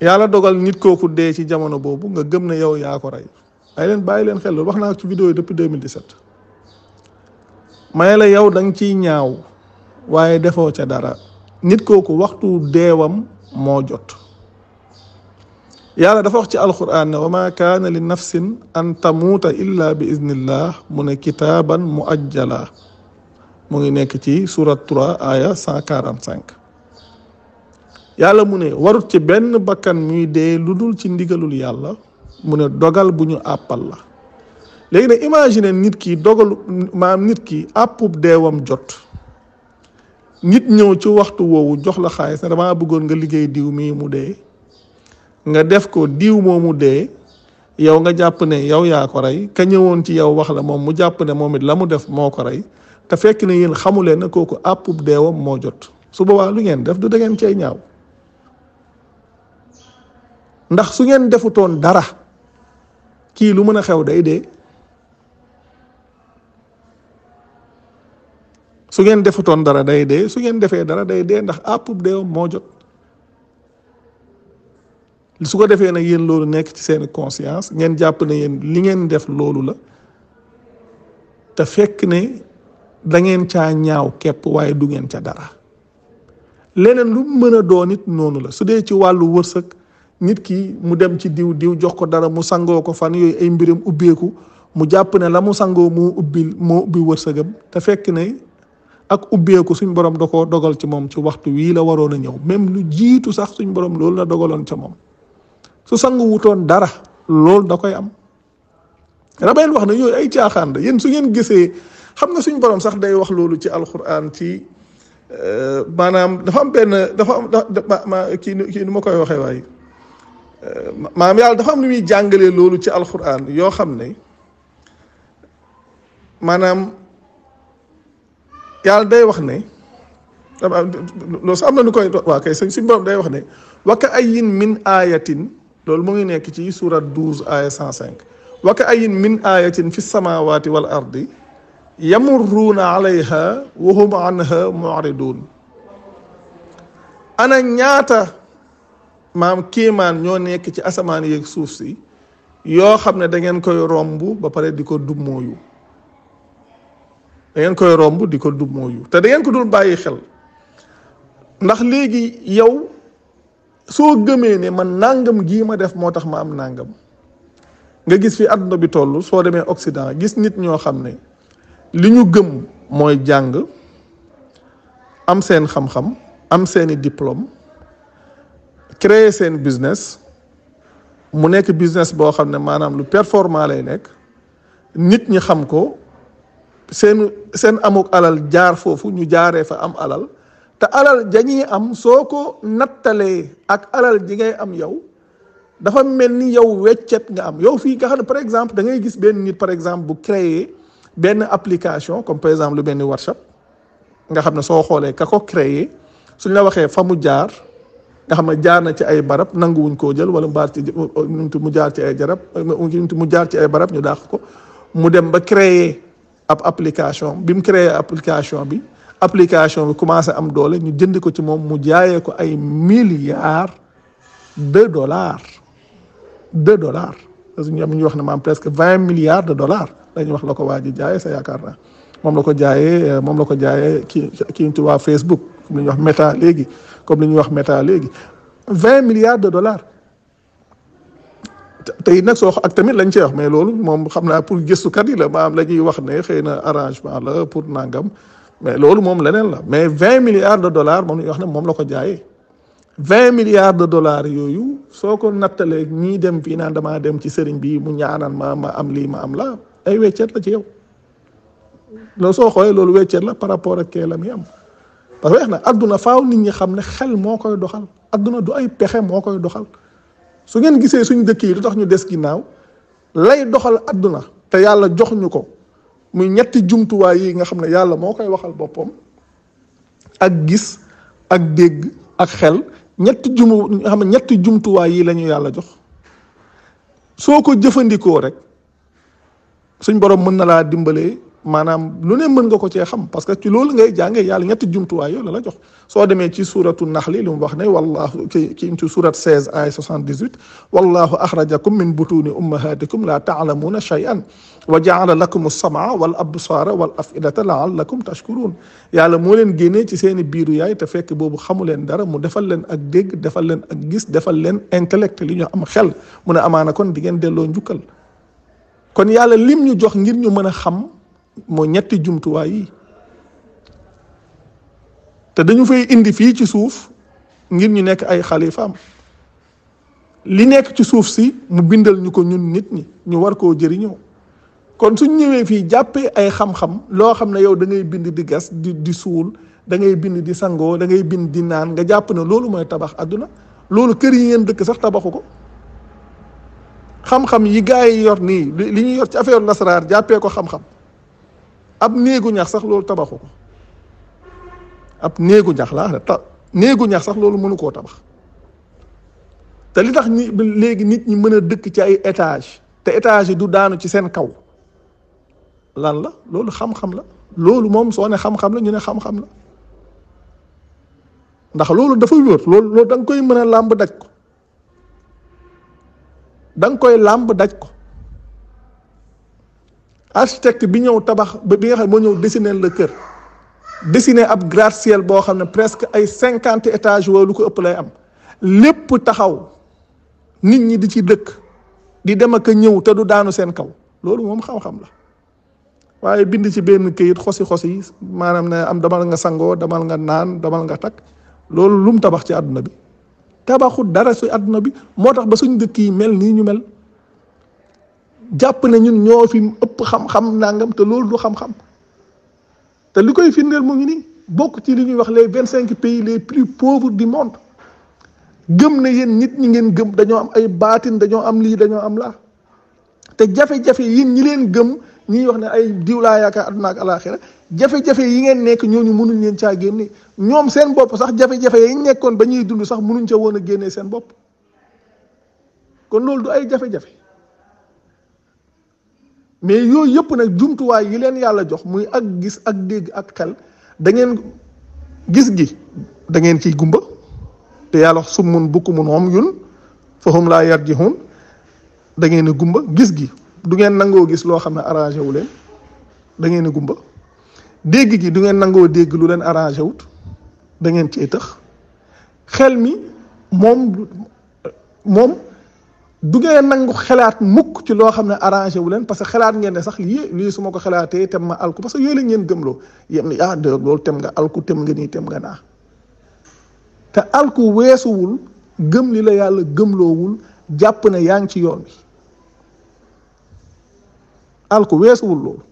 yàlla dogal nit kooku dee ci jamono boobu nga gëm na yow yaa ko rey ay leen bàyyi leen xel loolu wax naa ci vidéo yi depuis 2017 may la yow da nga ciy ñaaw waaye defoo ca dara nit kooku waxtu deewam moo jot yàlla dafa wax ci alquran ne wa ma kaana li nafsin an tamuuta illa bi iznillah mu ne kitaaban mu ajjala mu ngi nekk ci surat 3 aya 145 yàlla mu ne warut ci benn bakkan muy dee lu dul ci ndigalul yàlla mu dogal bu ñu àppal la léegi ne imagine nit ki dogal maam nit ki àppub deewam jot nit ñëw ci waxtu woowu jox la xaay sa mude bëggoon nga liggéey diw mi mu dee nga def ko diw moomu dee yow nga jàpp ne yow yaa ko rey ka ñëwoon ci yow wax la moom mu jàpp ne moom it def moo ko rey te fekk ne yéen xamu kooku àppub deewam moo jot su boobaa lu ngeen def du da ngeen cay ñaaw ndax su ngeen defutoon dara kii lu mën a xew day dee su ngeen defutoon dara day dee su ngeen defee dara day dee ndax àppub deewam moo jot su ko defee nag yéen loolu nekk ci seen conscience ngeen jàpp ne yéen li ngeen def loolu la te fekk ne da ngeen caa ñaaw képp waaye du ngeen ca dara leneen lu mën a doon it noonu la su dee ci wàllu wërsëg nit ki mu dem ci diw diw jox ko dara mu sangoo ko fan yooyu ay mbiram ubbeeku mu jàpp ne la mu sangoo moo ubbi moo ubbi wërsëgam te fekk ne ak ubbeeku suñ borom da koo dogal ci moom ci waxtu wii la waroon a ñëw même lu jiitu sax suñ borom loolu la dogaloon ca moom su sangu wutoon dara loolu da koy am. Rabel wax na yooyu ay caaxaan la yéen su ngeen gisee xam nga suñ borom sax day wax loolu ci alquran ci euh, maanaam dafa am benn dafa am kii kii nu ma koy waxee waaye. maam yàlla dafa am lu muy jàngalee loolu ci alquran yoo xam ne maanaam yàlla day wax ne loolu sax am na nu koy waa kay suñ borom day wax ne waka ayin min ayatin loolu mu ngi nekk ci surat 12 aya 105 waka ayin min ayatin fi samawati wal ardi yamurruuna alayha wa hum anha mu'ridun ana ñaata maam kéemaan ñoo nekk ci asamaan yeeg suuf si yoo xam ne dangeen koy romb ba pare di ko dummóoyu da ngeen koy romb di ko dummóoyu te dangeen ko dul bàyyi xel ndax léegi yow soo gëmee ne man nàngam gi ma def moo tax ma am nàngam nga gis fi àdduna bi toll soo demee Occident gis nit ñoo xam ne li ñu gëm mooy jàng am seen xam-xam am seeni diplôme créer seen business mu nekk business boo xam ne maanaam lu performant lay nekk nit ñi xam ko seen seen amuk alal jaar foofu ñu jaaree fa am alal te alal dañuy am soo ko nattalee ak alal ji ngay am yow dafa mel ni yow weccet nga am yow fii nga xam ne par exemple da ngay gis benn nit par exemple bu créer benn application comme par exemple lu benn WhatsApp nga xam ne soo xoolee ka ko créer suñ la waxee fa mu jaar ndax ma jaar na ci ay barab nanguwuñ koo jël wala mu baar ci mu jaar ci ay jarab mu jaar ci ay barab ñu daax ko mu dem ba créer ab application bi mu créer application bi application bi commencé am doole ñu jënd ko ci moom mu jaayee ko ay milliards de dollars de dollars parce que ñoom ñu wax ne maam presque vingt milliards de dollars dañuy wax la ko waa ji jaayee sa yaakaar naa moom la ko jaayee moom la ko jaayee kii kii ci waa Facebook mu li ñuy wax Meta léegi. comme nous avons dit, 20 milliards de dollars te it nag soo ak tamit lañ cee wax mais loolu moom xam naa pour gëstukat yi la maanaam la ñuy wax ne xëy na arrangement la pour nangam mais loolu moom leneen la mais 20 milliards de dollars moom la ñuy wax ne moom la ko jaayee vingt milliards de dollars yooyu soo ko nattalee ñii dem fii naan damaa dem ci sëriñ bi mu ñaanal ma ma am lii ma am la ay weccet la ci yow loolu soo xoolee loolu weccet la par rapport ak kee la muy am. parce que nag àdduna faaw nit ñi xam ne xel moo koy doxal adduna du ay pexe moo koy doxal su ngeen gisee suñ dëkk yi lu tax ñu des ginnaaw lay doxal àdduna te yàlla jox ñu ko muy ñetti jumtuwaay yi nga xam ne yàlla moo koy waxal boppam ak gis ak dégg ak xel ñetti jumu ne ñetti jumtuwaay yi la yàlla jox soo ko jëfandikoo rek suñ borom mën na laa dimbalee maanaam lu ne mën nga ko cee xam parce que ci loolu ngay jàngee yàlla ñetti jumtuwaay yooyu la la jox soo demee ci suuratu naxli li mu wax ne wallahu ci ci ci suurat 16 ay 78 wallahu axrajakum min butuuni ummahatikum la taalamuuna shay'an wa jaala lakum as-samaa wal absaara wal afidata laallakum tashkuruun yàlla moo leen génnee ci seeni biiru yaay te fekk boobu xamu leen dara mu leen ak dégg defal leen ak gis defal leen intellect li ñu am xel mu ne amaana kon di ngeen delloo njukkal kon yàlla lim ñu jox ngir ñu mën a xam mooy ñetti jumtuwaay yi te dañu fay indi fii ci suuf ngir ñu nekk ay xalifaam li nekk ci suuf si mu bindal ñu ko ñun nit ñi ñu war koo jëriñoo kon suñ ñëwee fii jàppee ay xam-xam loo xam ne yow dangay bind di gas di di suul da bind di sangoo da ngay bind di naan nga jàpp ne loolu mooy tabax àdduna loolu kër yi ngeen dëkk sax tabaxu ko xam-xam yi gaa yi yor nii li ñuy yor ci affaire nasaraar jàppee ko xam-xam ab néegu ñax sax loolu tabaxu ab néegu ñax laa néegu ñax sax loolu mënu koo tabax te li tax ñi léegi nit ñi mën a dëkk ci ay étage te étage yi du daanu ci seen kaw lan la loolu xam-xam la loolu moom soo ne xam-xam la ñu ne xam-xam la ndax loolu dafa wóor loolu loolu da koy mën a làmb daj ko danga koy làmb daj ko architecte bi ñëw tabax bi nga xam moo ñëw dessiner le kër dessiner ab gratte boo xam ne presque ay cinquante étage wala lu ko ëpp lay am lépp taxaw nit ñi di ci dëkk di dem ak ñëw te du daanu seen kaw loolu moom xam-xam la waaye bind ci benn këyit xosi xosi maanaam ne am damal nga sangoo damal nga naan damal nga takk loolu lum tabax ci àdduna bi tabaxut dara ci àdduna bi moo tax ba suñ dëkk yi mel nii ñu mel. jàpp na ñun ñoo fi ëpp xam-xam nangam te loolu du xam-xam te lu koy findeel mu ngi nii bokk ci li ñuy wax les vingt cinq pays les plus pauvres du monde gëm na yéen nit ñi ngeen gëm dañoo am ay baatin dañoo am lii dañoo am laa te jafe-jafe yéen ñi leen gëm ñuy wax ne ay diw laa yaakaar àdduna ak alaaxira jafe-jafe yi ngeen nekk ñooñu mënuñ leen caa génne ñoom seen bopp sax jafe-jafe yi nekkoon ba ñuy dund sax mënuñ ca woon a génnee seen bopp kon loolu du ay jafe-jafe. mais yooyu yëpp nag jumtuwaay yi leen yàlla jox muy ak gis ak dégg ak xel da ngeen gis gi dangeen ngeen ciy gumba te yàlla summun bukkumun umyun fahum laa yarji'uun da ngeen a gumba gis gi du ngeen nangoo gis loo xam ne arrangé wu leen da ngeen a gumba dégg gi du ngeen nangoo dégg lu leen arrangé wut da ngeen cee tëx xel mi moom moom du ngeen nangu xalaat mukk ci loo xam ne arrangé wu leen parce que xalaat ngeen ne sax lii lii su ma ko xalaatee tem ma alku parce que yooyu la ngeen gëmloo yem ni ah de loolu tem nga alku tem nga nii tem nga naa te alku weesuwul gëm li la yàlla gëmloowul jàpp ne yaa ngi ci yoon bi alku weesuwul loolu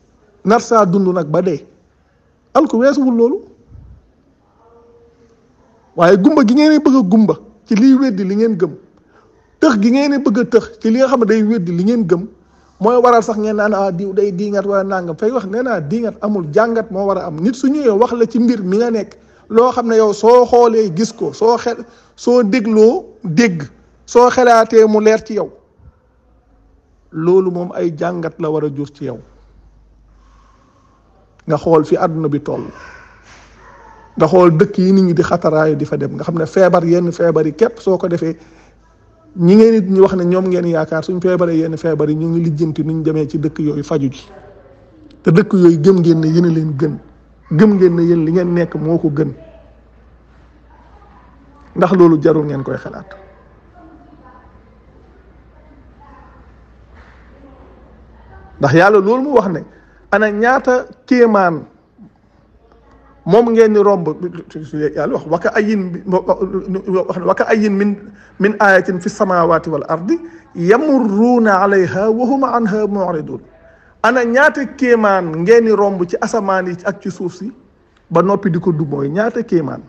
nar saa dund nag ba dee alku weesuwul loolu waaye gumba gi ngeen bëgg a gumba ci liy weddi li ngeen gëm tëx gi ngeen di bëgg tëx ci li nga xam ne day weddi li ngeen gëm mooy waral sax ngeen naan ah diw day diingat wala nangam fay wax nee naa diingat amul jàngat war a am nit su ñëwee wax la ci mbir mi nga nekk loo xam ne yow soo xoolee gis ko soo xel soo dégloo dégg soo xelaatee mu leer ci yow loolu moom ay jàngat la war a jur ci yow nga xool fi àdduna bi tool nga xool dëkk yi nit ñi di xataraayu di fa dem nga xam ne feebar yenn feebar yi képp soo ko defee. ñi ngeen di wax ne ñoom ngeen yaakaar suñ feebaree yenn feebar yi ñu ngi lijjanti nuñ demee ci dëkk yooyu faju ji te dëkk yooyu gëm ngeen ne a leen gën gëm ngeen ne yéen li ngeen nekk moo ko gën ndax loolu jarul ngeen koy xalaat ndax yàlla loolu mu wax ne ana ñaata kéemaan moom ngeen ni romb yàlla wax waka ayin wax waka ayin min min ayatin fi samawati wal ardi yamurruuna alayha wa hum anha muridun ana ñaata kéemaan ngeen ni romb ci asamaan yi ak ci suuf si ba noppi di ko du ñaata kéemaan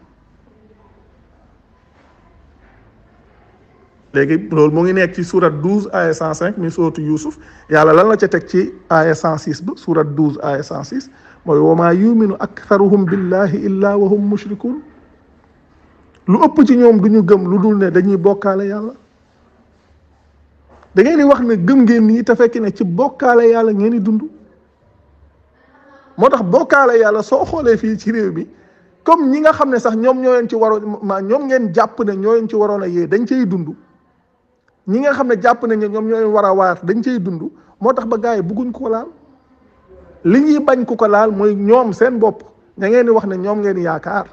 léegi loolu mu ngi nekk ci surat 12 aya 105 mi suratu Yuusuf yàlla lan la ca teg ci aya 106 ba surat 12 aya 106 mooy wa maa yuminu aktharuhum billahi illa wa hum mushrikun lu ëpp ci ñoom du ñu gëm lu dul ne dañuy bokkaale yàlla dangeen di wax ne gëm ngeen nii te fekk ne ci bokkaale yàlla ngeen di dund moo tax bokkaale yàlla soo xoolee fii ci réew bi comme ñi nga xam ne sax ñoom ñoo leen ci waroon ma ñoom ngeen jàpp ne ñoo leen ci waroon yee dañ cay dund ñi nga xam ne jàpp nañ ne ñoom ñoo war a waar dañ cay dund moo tax ba gaa yi bëgguñ koo laal li ñuy bañ ku ko laal mooy ñoom seen bopp ña ngeen di wax ne ñoom ngeen yaakaar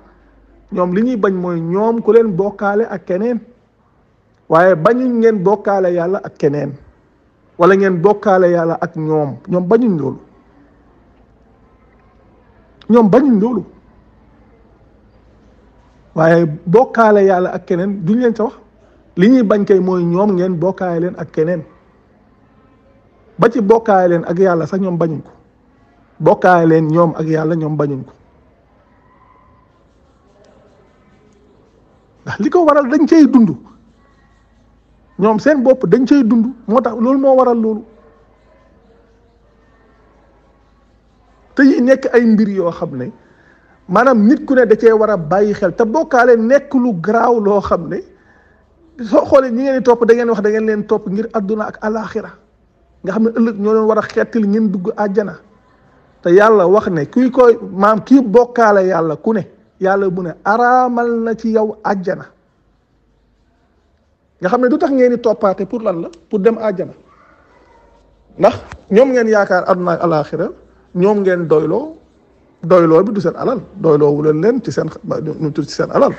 ñoom li ñuy bañ mooy ñoom ku leen bokkaale ak keneen waaye bañuñ ngeen bokkaale yàlla ak keneen wala ngeen bokkaale yàlla ak ñoom ñoom bañuñ loolu ñoom bañuñ loolu waaye bokkaale yàlla ak keneen duñ leen sa wax li ñuy bañ kay mooy ñoom ngeen bokkaale leen ak keneen ba ci bokkaale leen ak yàlla sax ñoom bañuñ ko bokkaale leen ñoom ak yàlla ñoom bañuñ ko ndax li ko waral dañ cay dund ñoom seen bopp dañ cay dund moo tax loolu moo waral loolu te yi nekk ay mbir yoo xam ne maanaam nit ku ne dace cee war a bàyyi xel te bokkaale nekk lu garaaw loo xam ne soo xoolee ñi ngeen topp da ngeen wax da ngeen leen topp ngir àdduna ak alaxira nga xam ne ëllëg ñoo leen war a xettil ngeen dugg àjjana te yàlla wax ne kuy koy maam kii bokkaale yàlla ku ne yàlla bu ne araamal na ci yow àjjana nga xam ne du tax ngeen di toppaate pour lan la pour dem àjjana ndax ñoom ngeen yaakaar aduna ak ñoom ngeen doyloo doyloo bi du seen alal doyloo wuleen leen ci seen ñu tudd ci seen alal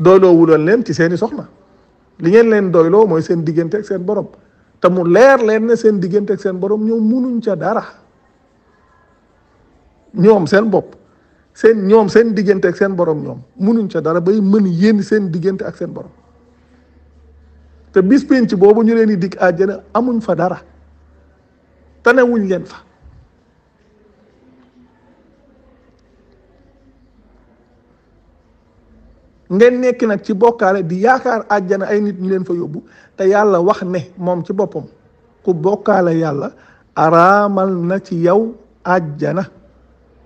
doyloo leen ci seeni soxna li ngeen leen doyloo mooy seen diggante seen borom te mu leer leen ne seen diggante seen borom ñoom munuñ ca dara ñoom seen bopp seen ñoom seen diggante ak seen boroom ñoom munuñ ca dara bay mën yéen seen diggante ak seen borom te bis penc boobu ñu leen di dikk àjjana amuñ fa dara tanewuñ leen fa ngeen nekk nag ci bokkaale di yaakaar àjjana ay nit ñu leen fa yóbbu te yàlla wax ne moom ci boppam ku bokkaale yàlla araamal na ci yow àjjana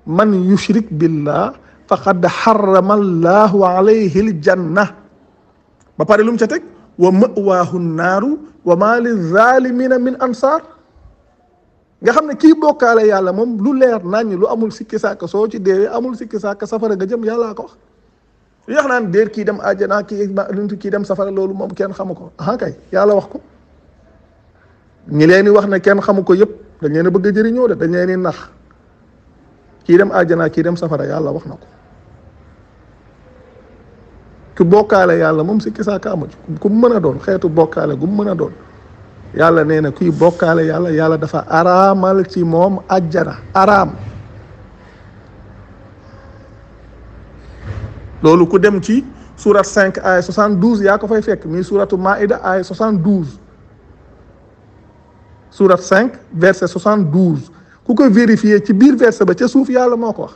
man yushrik billah faqad harrama allahu alayhi aljanna ba pare lu ca teg wa mawaahu naaru wa ma lizalimina min ansar nga xam ne kii bokkaale yàlla moom lu leer naññ lu amul sikki sàkk soo ci deewee amul sikki sàkk safara nga jëm yàllaa ko wax li nga xam naan déer kii dem àjjana kii dem safara loolu moom kenn xamu ko ah kay yàlla wax ko ñi leen di wax na kenn xamu ko yëpp dañ leen a bëgg a jëriñoo nax kii dem àjjana kii dem safara yàlla wax na ko ku bokkaale yàlla moom si kisaaka ku mu mën a doon xeetu bokkaale gu mu mën a doon yàlla nee na kuy bokkaale yàlla yàlla dafa araamal ci moom àjjana araam loolu ku dem ci surat 5 ay 72 yaa ko fay fekk mii suratu maida ay 72 surat 5 verset 72 ku ko vérifié ci biir verset ba ca suuf yàlla moo ko wax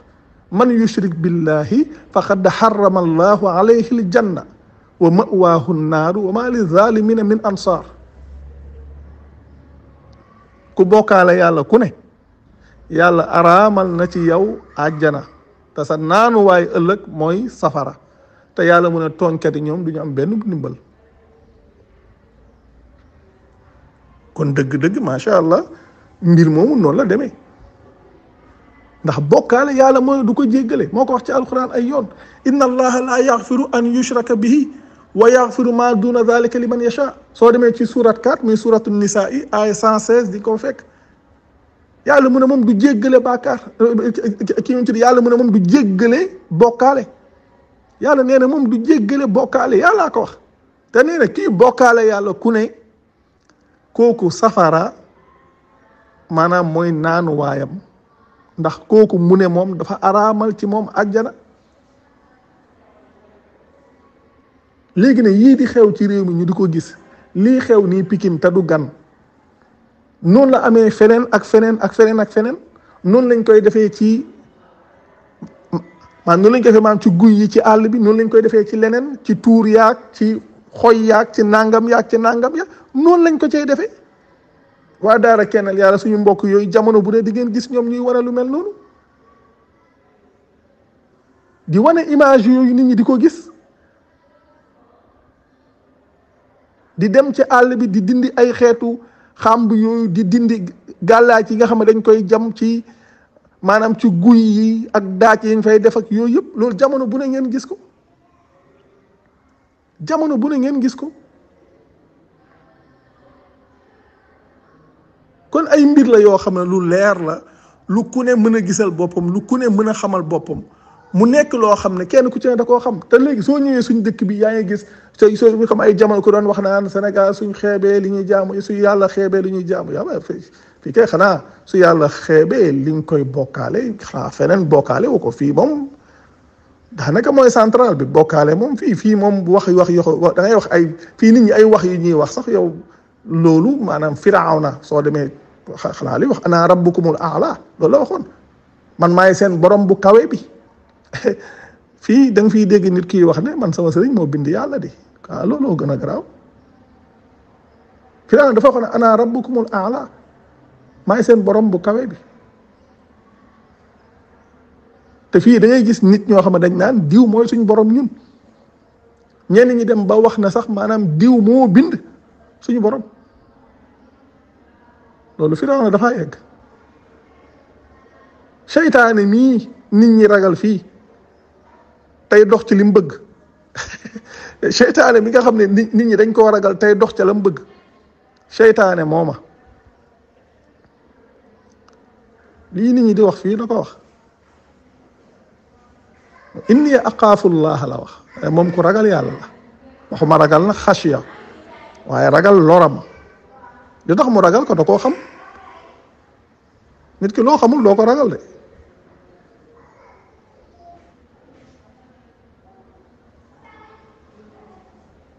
man yushrik billahi faqad harrama allahu alayhi l janna wa mawaahu naaru wa ma li zalimina min ansar ku bokkaale yàlla ku ne yàlla araamal na ci yow àjjana te sa naanuwaay ëllëg mooy safara te yàlla mu ne tooñkat yi ñoom du ñu am benn ndimbal kon dëgg-dëgg macha allah mbir moomu noonu la demee ndax bokale yàlla mooy du ko djegalé moko wax ci alquran ay yoon inna allaha la yaghfiru an yushraka bihi wa yaghfiru ma duna dalika liman yasha so demé ci sourate 4 mais sourate an nisa ay 116 di ko fek yàlla mu ne moom du djegalé bakar ki ñu tudd yàlla mu ne moom du djegalé bokale yàlla nee mom du djegalé bokale yalla ko wax te nee ki bokale yàlla ku ne koku safara manam moy nanu wayam ndax kooku mu ne moom dafa araamal ci moom àjjana léegi ne yii di xew ci réew mi ñu di ko gis lii xew nii Pikine te du gan noonu la amee feneen ak feneen ak feneen ak feneen noonu lañ koy defee ci maanaam noonu lañ koy defee ci guy yi ci àll bi noonu lañ koy defee ci leneen ci tuur yaag ci xoy yaag ci nangam yaag ci nangam ya noonu lañ ko cee defee waa daara kennal yàlla suñu mbokk yooyu jamono bu dee di ngeen gis ñoom ñuy wane lu mel noonu di wane image yooyu nit ñi di ko gis di dem ci àll bi di dindi ay xeetu xàmb yooyu di dindi gàllaaj yi nga xam ne dañ koy jam ci maanaam ci guy yi ak daaj yi ñu fay def ak yooyu yëpp loolu jamono bu ne ngeen gis ko jamono bu ne ngeen gis ko kon ay mbir la yoo xam ne lu leer la lu ku ne mën a gisal boppam lu ku ne mën a xamal boppam mu nekk loo xam ne kenn ku ci ne da koo xam te léegi soo ñëwee suñ dëkk bi yaa ngi gis soo soo xam ay jamal ko doon wax naan Sénégal suñ xeebee li ñuy jaamu su yàlla xeebee li ñuy jaamu yàlla fii kay xanaa su yàlla xeebee liñ koy bokkaale xanaa feneen bokkaale wu ko fii moom daanaka mooy central bi bokkaale moom fii fii moom wax wax yoo da ngay wax ay fii nit ñi ay wax yu ñuy wax sax yow loolu maanaam firawna soo demee xanaa li wax ana rabbukumul aala loolu la waxoon man maay seen borom bu kawe bi fii da nga fiy dégg nit kii wax ne man sama sëriñ moo bind yàlla de waaw looloo gën a garaaw firawna dafa waxoon ne ana rabbukumul aala maay seen borom bu kawe bi te fii da gis nit ñoo xam ne dañ naan diw mooy suñ borom ñun ñenn ñi dem ba wax na sax maanaam diw moo bind suñu borom loolu firawna dafa yegg seytaane mii nit ñi ragal fii tey dox ci lim bëgg seytaane mi nga xam ne nit ñi dañ koo ragal tey dox ca lam bëgg seytaane mooma lii nit ñi di wax fii da ko wax inni aqaafu llaah la wax moom ku ragal yàlla la waxuma ragal na xasiya waaye ragal loram lu tax mu ragal ko da koo xam nit ki loo xamul doo ko ragal de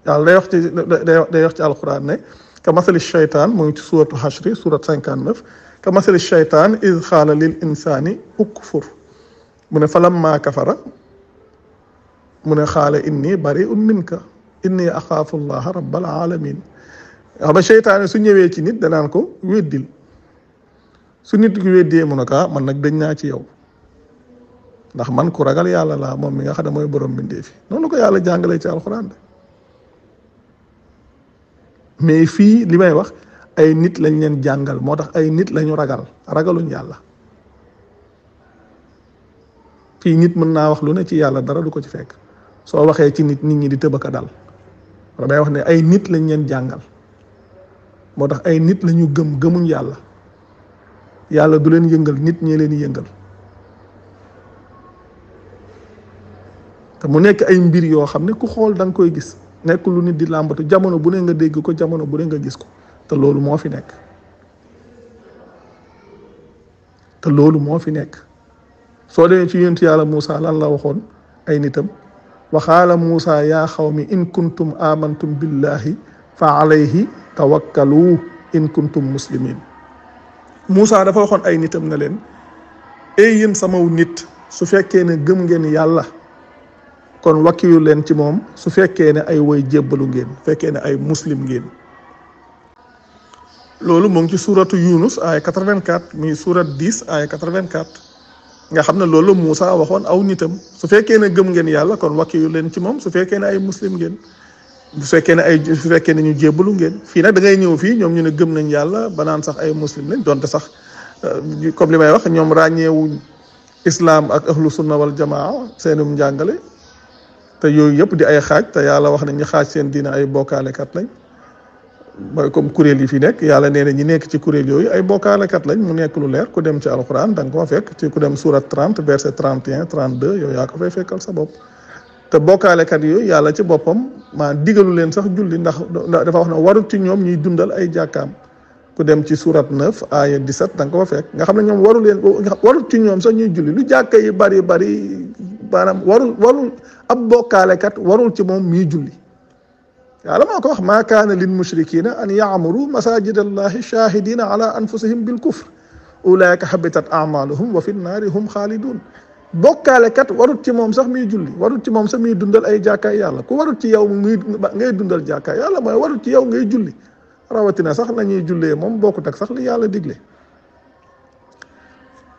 yàlla day wax ci day wax ci alquran ne ka masali shaytaan mu ci suuratu hashri surat 59 neuf ka masali shaytaan iz xaala lil insani ukfur mu ne falammaa kafara mu ne xaala inni bari'un minka inni akhafullaha rabbal alamin xam seytaane su ñëwee ci nit danaan ko weddil su nit ki weddee mu ne ah, man nag dañ naa ci yow ndax man ku ragal yàlla laa moom mi nga xam ne mooy borom bindee fi noonu ko yàlla jàngalee ci alxuraan de mais fii li may wax ay nit lañ leen jàngal moo tax ay nit lañu ragal ragaluñ yàlla fii nit mën naa wax lu ne ci yàlla dara du ko ci fekk soo waxee ci nit nit ñi di tëbaka dal da day wax ne ay nit lañ leen jàngal moo tax ay nit lañu gëm gëmuñ yàlla yàlla du leen yëngal nit ñee leen yëngal te mu nekk ay mbir yoo xam ne ku xool da nga koy gis nekk lu nit di làmbatu jamono bu ne nga dégg ko jamono bu ne nga gis ko te loolu moo fi nekk te loolu moo fi nekk soo demee ci yàlla Moussa lan la waxoon ay nitam wa qaala muusa yaa xawmi in kuntum amantum billahi fa alayhi tawakkalu in kuntum muslimin muusa dafa waxoon ay nitam na leen ey yéen samaw nit su fekkee ne gëm ngeen yàlla kon wakkiyu leen ci moom su fekkee ne ay woy jébbalu ngeen fekkee ne ay muslim ngeen loolu mu ci suuratu yunus ay 84 muy suurat 10 ay 84 nga xam ne loolu Moussa waxoon aw nitam su fekkee ne gëm ngeen yàlla kon wakkiyu leen ci moom su fekkee ne ay muslim ngeen su fekkee ne ay su fekkee ne ñu jébbalu ngeen fii nag dangay ñëw fii ñoom ñu ne gëm nañ yàlla banaan naan sax ay muslim lañ donte sax euh, comme li may wax ñoom ràññeewuñ islam ak ahlu sunna wal jamaa seenum njàngale te yooyu yëpp di ay xaaj te yàlla wax ne ñu xaaj seen diina ay bokkaalekat lañ mooy comme kuréel yi fi nekk yàlla nee na ñi nekk ci kuréel yooyu ay bokkaalekat lañ mu nekk lu leer ku dem ci alxuraan da nga ko fekk ci ku dem surat 30 verset 31 32 yow yaa ko fay fekkal sa bopp te bokkaalekat yooyu yàlla ci boppam maa digalu leen sax julli ndax dafa wax na warut ci ñoom ñuy dundal ay jàkkaam ku dem ci surat 9 aya 17 da nga ko fa fekk nga xam ne ñoom warul leen warut ci ñoom sax ñuy lu jàkka yi bari bari maanaam warul warul ab bokkaalekat warul ci moom muy julli يعلم يعني ما كان للمشركين أن يعمروا مساجد الله شاهدين على أنفسهم بالكفر أولئك حبطت أعمالهم وفي النار هم خالدون بوكال كات وروت تي موم صاح مي جولي وروت تي موم سامي دوندال اي جاكا يالا كو وروت تي ياو مي غاي دوندال جاكا يالا ما وروت تي ياو غاي جولي راواتينا صاح لا ني جولي موم بوكو تاك صاح لي يالا ديغلي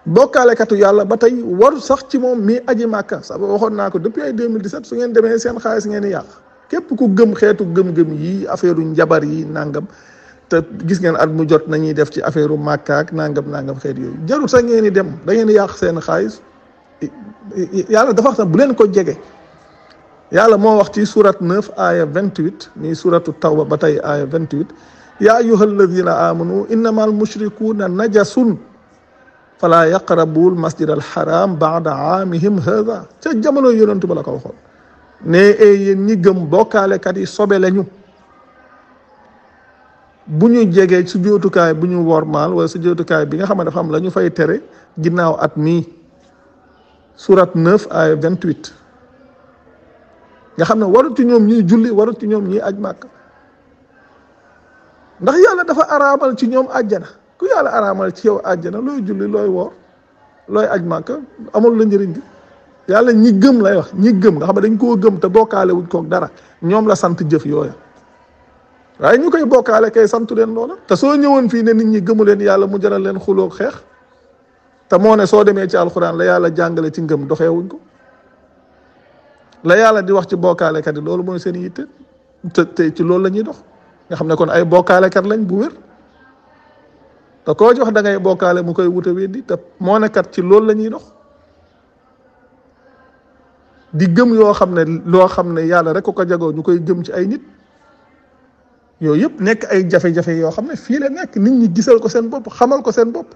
بوكال كات يالا باتاي ور صاح تي موم مي ادي ماكا صاح واخون ناكو دوبي 2017 سو نين ديمي سين خالص نين ياخ képp ku gëm xeetu gëm-gëm yi affaire u njabar yi nangam te gis ngeen at mu jot nañuy def ci affaire u màkka ak nangam nangam xeet yooyu jarul sax ngeen di dem da ngeen di yàq seen xaalis yàlla dafa wax sax bu leen ko jege yàlla moo wax ci surat 9 aaya 28 nii suratu tawba ba tey aaya 28 yaa ayuha alladina amanu innama almushrikuuna najasun fala yaqrabu almasjid alxaram baada aamihim hada ca jamono yonentu ba la ko waxoon ne eh, yéen ñi gëm bokkaalekat yi sobe lañu bu ñu jegee su jootukaay bu ñu woor wormaal wala su jootukaay bi nga xam ne dafa am la ñu fay tere ginnaaw at mii surat neuf ay nga xam ne warut ci ñoom julli warut ci ñoom ñuy aj màkk ndax yàlla dafa araamal ci ñoom àjjana ku yàlla araamal ci yow àjjana looy julli looy woor looy aj màkk amul la njëriñ bi yàlla ñi gëm lay wax ñi gëm nga xam ne dañ koo gëm te bokkaale wuñ koog dara ñoom la sant jëf yooya waaye ñu koy bokkaale kay santu leen loola te soo ñëwoon fii ne nit ñi gëmu leen yàlla mu jaral leen xuloo xeex te moo ne soo demee ci alxuraan la yàlla jàngale ci gëm ngëm doxeewuñ ko la yàlla di wax ci bokkaalekat yi loolu mooy seen yitte te ci loolu la ñuy dox nga xam ne kon ay bokkaalekat lañ bu wér te koo jox da ngay bokkaale mu koy wute weddi te moo kat ci loolu la ñuy dox. di gëm yo xamne lo xamne yalla rek ko jagoo ñu gëm ci ay nit yoy yep nek ay jafe-jafe yo xamne fi la nek nit ñi gisal ko seen bop xamal ko seen bop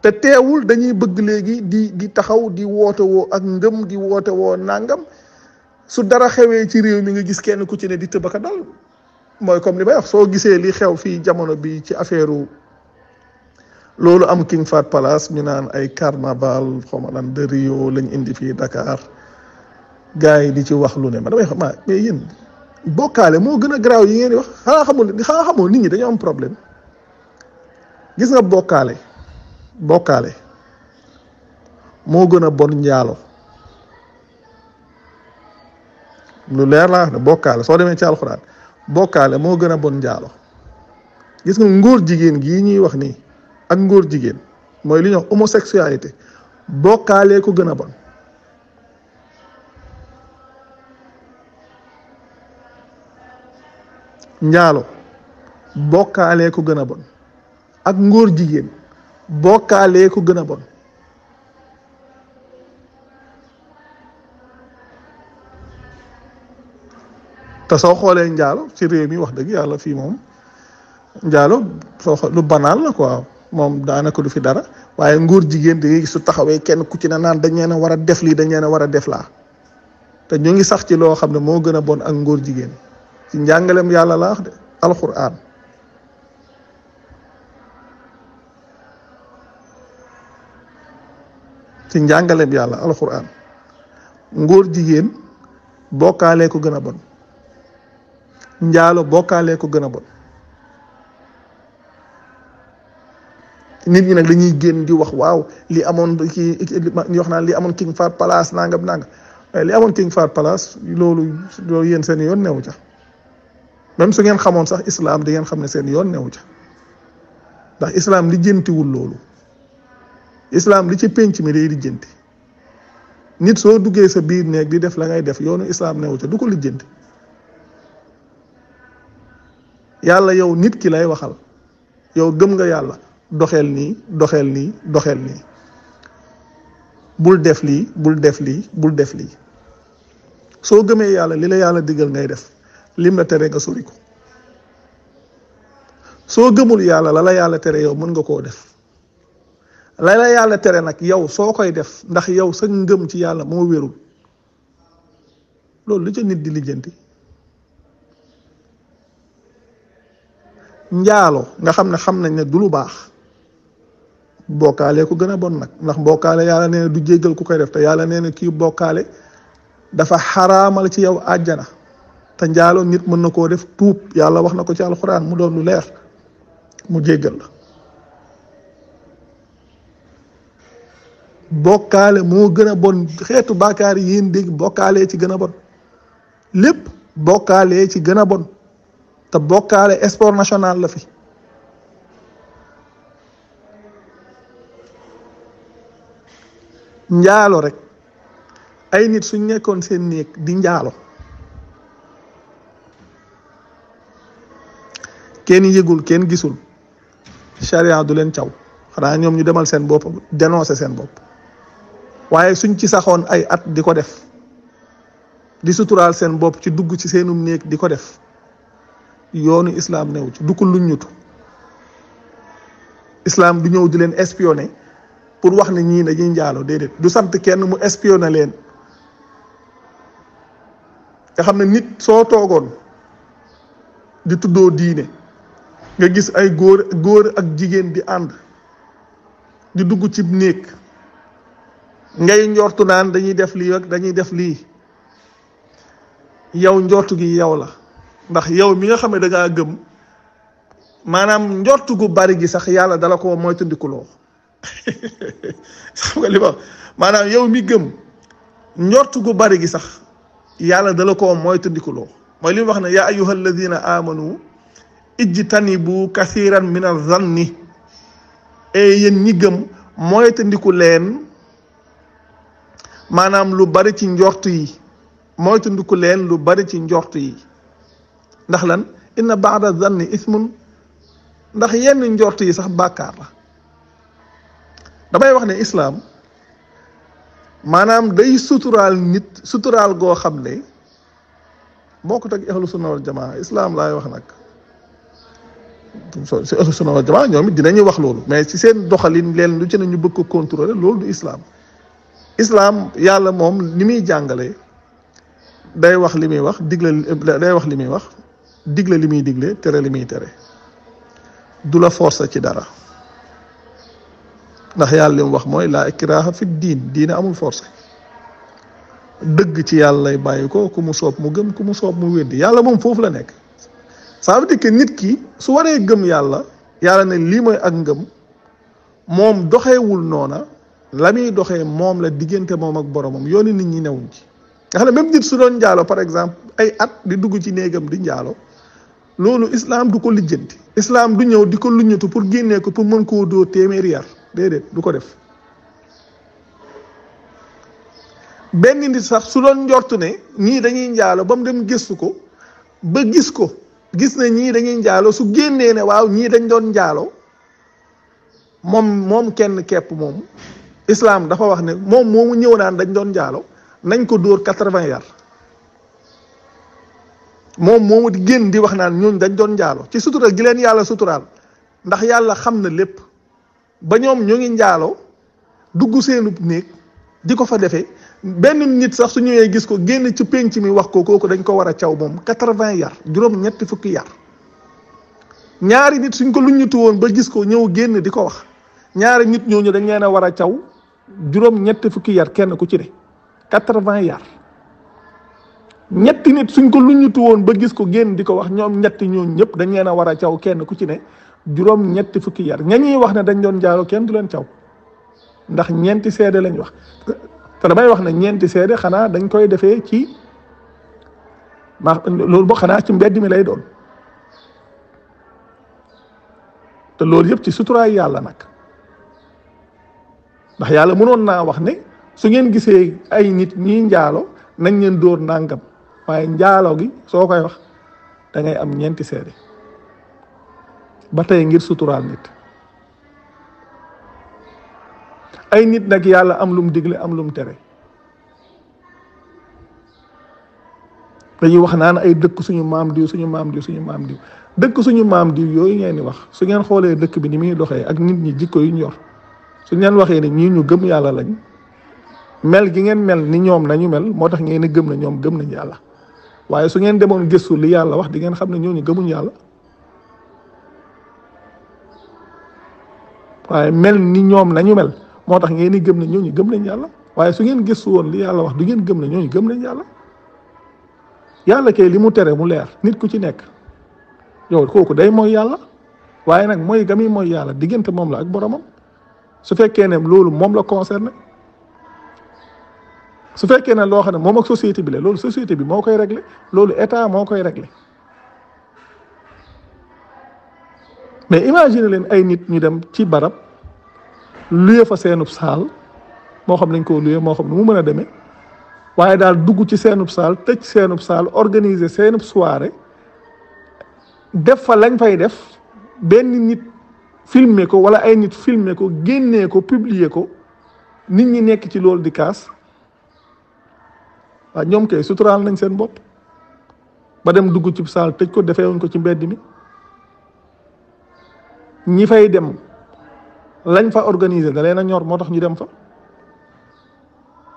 te téwul dañuy bëgg légui di di taxaw di woto wo ak ngëm di woto wo nangam su dara xewé ci réew mi nga gis kenn ku ci ne di tebaka dal moy comme li bay wax so gisé li xew fi jamono bi ci affaireu lolu am king fat palace ñu naan ay carnaval xawma lan de rio lañ indi fi dakar gars yi di ci wax lu ne ma damay xam maa bokkaale moo gën a garaaw yi ngeen di wax xanaa xamul xamoo nit ñi dañoo am problème gis nga bokkaale bokkaale moo gën a bon njaalo lu leer laa wax ne bokkaale soo demee ci alxuraan bokkaale moo gën a bon njaalo gis nga ngóor jigéen gi ñuy wax nii ak ngóor jigéen mooy lu ñuy wax homosexualité bokkaalee ko gën a bon njaalo bokkaalee ko gën a bon ak ngóor jigéen bokkaalee ko gën a bon te soo xoolee njaalo ci réew mi wax dëgg yàlla fii moom njaalo soo xoolee lu banal la quoi moom daanaka du fi dara waaye ngóor jigéen da gis su taxawee kenn ku ci ne naan dañ leen a war a def lii dañ leen a war a def laa te ñu ngi sax ci loo xam ne moo gën a bon ak ngóor jigéen. ci njàngaleem yàlla la wax de alquran ci njàngaleem yàlla alquran ngóor jigéen bokkaale ko gën a bon njaalo bokkaale ko gën bon nit ñi nag dañuy génn di wax waaw li amoon ki ñu wax naan li amoon King Far Palace nangam nangam eh, li amoon King Far Palace loolu loolu yéen seen yoon newu ca même su ngeen xamoon sax islam di ngeen xam ne seen yoon newu ca ndax islam li jëntiwul loolu islam li ci penc mi day di jënti nit soo duggee sa biir néeg di def la ngay def yoonu islam newu ca du ko lijjanti yàlla yow nit ki lay waxal yow gëm nga yàlla doxeel nii doxeel nii doxeel nii bul def lii bul def lii bul def lii soo gëmee yàlla li la yàlla digal ngay def lim la tere nga sori ko soo gëmul yàlla lala yàlla tere yow mën nga koo def la yàlla tere nag yow soo koy def ndax yow sa ngëm ci yàlla moo wérul loolu lu ca nit di lijjanti njaaloo nga xam ne xam nañ ne du lu baax bokkaale ko gën a bon nag ndax bokkaale yàlla nee na du jéggal ku koy def te yàlla nee na kii bokkaale dafa xaraamal ci yow àjjana te njaaloo nit mën na koo def tuub yàlla wax na ko ci alxuraan mu doon lu leer mu jéggal la bokkaale moo gën a bon xeetu bàkkaar yi yéen dégg bokkaalee ci gën a bon lépp bokkaalee ci gën a bon te bokkaale sport national la fi njaalo rek ay nit su nekkoon seen néeg di njaalo kenn yëgul kenn gisul charia du leen caw xanaa ñoom ñu demal seen bopp dénoncer seen bopp waaye suñ ci saxoon ay at di ko def di suturaal seen bopp ci dugg ci seenum néeg di ko def yoonu islaam new ci dukkul luñ ñutu islaam du ñëw di leen espionner pour wax ne ñii na dañuy njaaloo déedéet du sant kenn mu espionner leen nga xam ne nit soo toogoon di tuddoo diine nga gis ay góor góor ak jigéen bi ànd di dugg ci néeg ngay njortu naan dañuy def lii ak dañuy def lii yow njortu gi yow la ndax yow mi nga xam ne dangaa gëm maanaam njortu gu bari gi sax yàlla dala ko moytandikuloo xam maanaam yow mi gëm njortu gu bari gi sax yàlla dala ko moytandikuloo mooy li mu wax ne yaa ayyuha alladina amanu ijtanibu kasiran min azanni e yéen ñi gëm moytandiku leen maanaam lu bari ci njort yi moytandiku leen lu bari ci njort yi ndax lan inna baada zanni ismun ndax yenn njort yi sax bàkkaar la damay wax ne islaam maanaam day suturaal nit suturaal goo xam ne bokkut ak ahlu sunna wal jamaa islaam laay wax nag si ahlu sunna wal jamaa ñoom it dinañu wax loolu mais ci seen doxalin leen lu ci ne ñu bëgg ko contrôler loolu du islam islam yàlla moom li muy jàngale day wax li muy wax digle day wax li muy wax digle li muy digle tere li muy tere du la force ci dara ndax yàlla li mu wax mooy laa ikraha fi diin diine amul force dëgg ci yàlla lay bàyyi ko ku mu soob mu gëm ku mu soob mu weddi yàlla moom foofu la nekk ça veut dire que nit ki su waree gëm yàlla yàlla ne lii mooy ak ngëm moom doxewul noona la muy doxee moom la diggante moom ak boroomam yooni nit ñi newuñ ci nga su doon njaalo par exemple ay at di dugg ci néegam di njaalo loolu islam du ko lijjanti islam du ñëw di ko luññatu pour génnee ko pour mën koo dóor téeméeri yar du ko def benn nit su doon njort ne ñii dañuy njaalo ba mu dem gëstu ko ba gis ko gis na ñii dañuy njaalo su génnee ne waaw ñii dañ doon njaalo moom moom kenn kepp moom islaam dafa wax ne moom moomu ñëw naan dañ doon njaalo nañ ko dóor quatre-vingts yar moom moomu di génn di wax naan ñooñ dañ doon njaalo ci sutura gi leen yàlla suturaal ndax yàlla xam na lépp ba ñoom ñu ngi njaalo dugg seenub néeg di ko fa defee benn nit sax su ñëwee gis ko génn ci penc mi wax ko kooku dañ ko war a caw moom quatre-vingts yar juróom ñetti fukki yar ñaari nit suñ ko luññutu woon ba gis ko ñëw génn di ko wax ñaari nit ñooñu dañ leen a war a caw juróom fukki yar kenn ku ci ne quatre-vingts yar ñetti nit suñ ko luññutu woon ba gis ko génn di ko wax ñoom ñetti ñooñu ñëpp dañ leen a war a caw kenn ku ci ne juróom ñetti fukki yar ña ñuy wax ne dañ doon jaaroo kenn du leen caw ndax ñeenti seede lañ wax te damay wax ne ñeenti seede xanaa dañ koy defee ci ma loolu boo xanaa ci mbedd mi lay doon te loolu yëpp ci suturaay yàlla nag ndax yàlla mënoon naa wax ne su ngeen gisee ay nit ñi njaalo nañ leen dóor nàngam waaye njaalo gi soo koy wax dangay am ñeenti seede ba tey ngir suturaal nit ay nit nag yàlla am lum digle am lum tere dañuy wax naan ay dëkk suñu maam diw suñu maam diw suñu maam diw dëkk suñu maam diw yooyu ngeen di wax su ngeen xoolee dëkk bi ni muy doxee ak nit ñi jikko yu ñu yor su ngeen waxee ni ñii ñu gëm yàlla lañ mel gi ngeen mel ni ñoom nañu mel moo tax ngeen ne gëm na ñoom gëm nañu yàlla waaye su ngeen demoon gëstu li yàlla wax di ngeen xam ne ñu gëmuñ yàlla waaye mel ni ñoom nañu mel moo tax ngeen di gëm ne ñooñu gëm nañ yàlla waaye su ngeen gëstu woon li yàlla wax du ngeen gëm ñoo ñooñu gëm nañ yàlla yàlla kay li mu tere mu leer nit ku ci nekk yow kooku day mooy yàlla waaye nag mooy gami mooy yàlla diggante moom la ak boromam su fekkee ne loolu moom la concerné su fekkee ne loo xam ne moom ak société bi la loolu société bi moo koy réglé loolu état moo koy réglé mais imagine leen ay nit ñu dem ci barab luye fa seenub saal moo xam lañ koo luye moo xam ne mu mën a demee waaye daal dugg ci seenub saal tëj seenub saal organiser seenub soirée def fa lañ fay def benn nit filmer ko wala ay nit filmer ko génnee ko publier ko nit ñi nekk ci loolu di kaas waaw ñoom kay suturaal nañ seen bopp ba dem dugg ci saal tëj ko defee wuñ ko ci mbedd mi ñi fay dem lañ fa organiser da leen a ñor moo tax ñu dem fa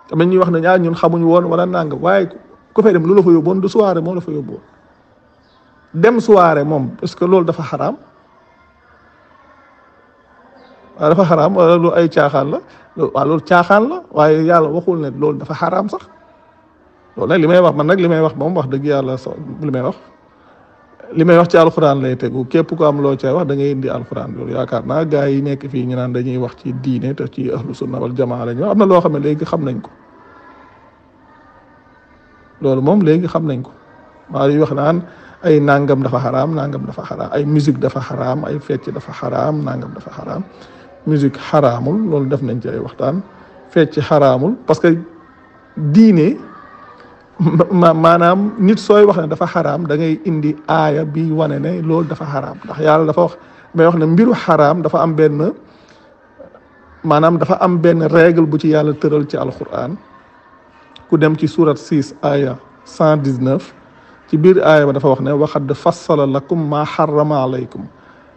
tamit ñuy wax na ñaa ñun xamuñu woon wala nangam waaye ku fay dem lu la fa yóbboon du suwaare moom la fa yóbboon dem moom parce que loolu dafa xaraam waaw dafa xaraam wala lu ay caaxaan la waaw caaxaan la waaye yàlla waxul ne loolu dafa xaraam sax loolu ne li may wax man nag li may wax moom wax dëgg yàlla li may wax li may wax ci alxuraan lay tegu képp ko am loo cay wax da ngay indi alxuraan loolu yaakaar naa gars yi nekk fii ñu naan dañuy wax ci diine te ci ahlu sunna wal jamaa lañ wax am na loo xam nañ ko loolu moom léegi xam nañ ko maa ngi wax naan ay nangam dafa xaraam nangam dafa xaraam ay musique dafa xaraam ay fecc dafa xaraam nangam dafa xaraam musique xaraamul loolu def nañ ci ay waxtaan fecc xaraamul parce que diine. maanaam nit sooy wax ne dafa xaraam da ngay indi aaya bi wane na loolu dafa xaraam ndax yàlla dafa wax may wax ne mbiru xaraam dafa am benn maanaam dafa am benn règle bu ci yàlla tëral ci alquran ku dem ci surat 6 aaya 119 ci biir aaya bi dafa wax ne waxad fassala lakum maa xarama aleykum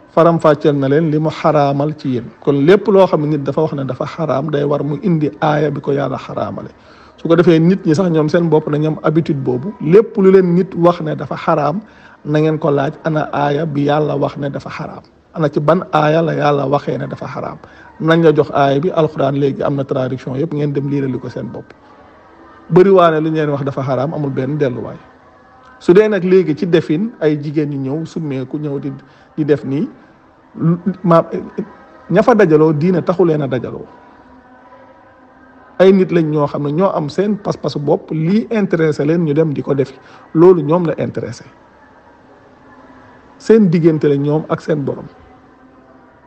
faram fàcceel na leen li mu xaraamal ci yéen kon lépp loo xam ne dafa wax ne dafa xaraam day war mu indi aaya bi ko yàlla xaraamale su ko defee nit ñi sax ñoom seen bopp na am habitude boobu lépp lu leen nit wax ne dafa xaraam na ngeen ko laaj ana aaya bi yàlla wax ne dafa xaraam ana ci ban aaya la yàlla waxee ne dafa xaraam nañ la jox aaya bi alquran léegi am na traduction yëpp ngeen dem liirali ko seen bopp bëri waane lu wax dafa xaraam amul benn delluwaay su dee nag léegi ci defin ay jigéen ñi ñëw summeeku ñëw di di def nii ma ña fa dajaloo diine taxu leen a ay nit lañ ñoo xamne ñoo am seen pas-pasu bop li intéressé leen ñu dem di def lolu ñom la intéressé seen digënté la ñom ak seen borom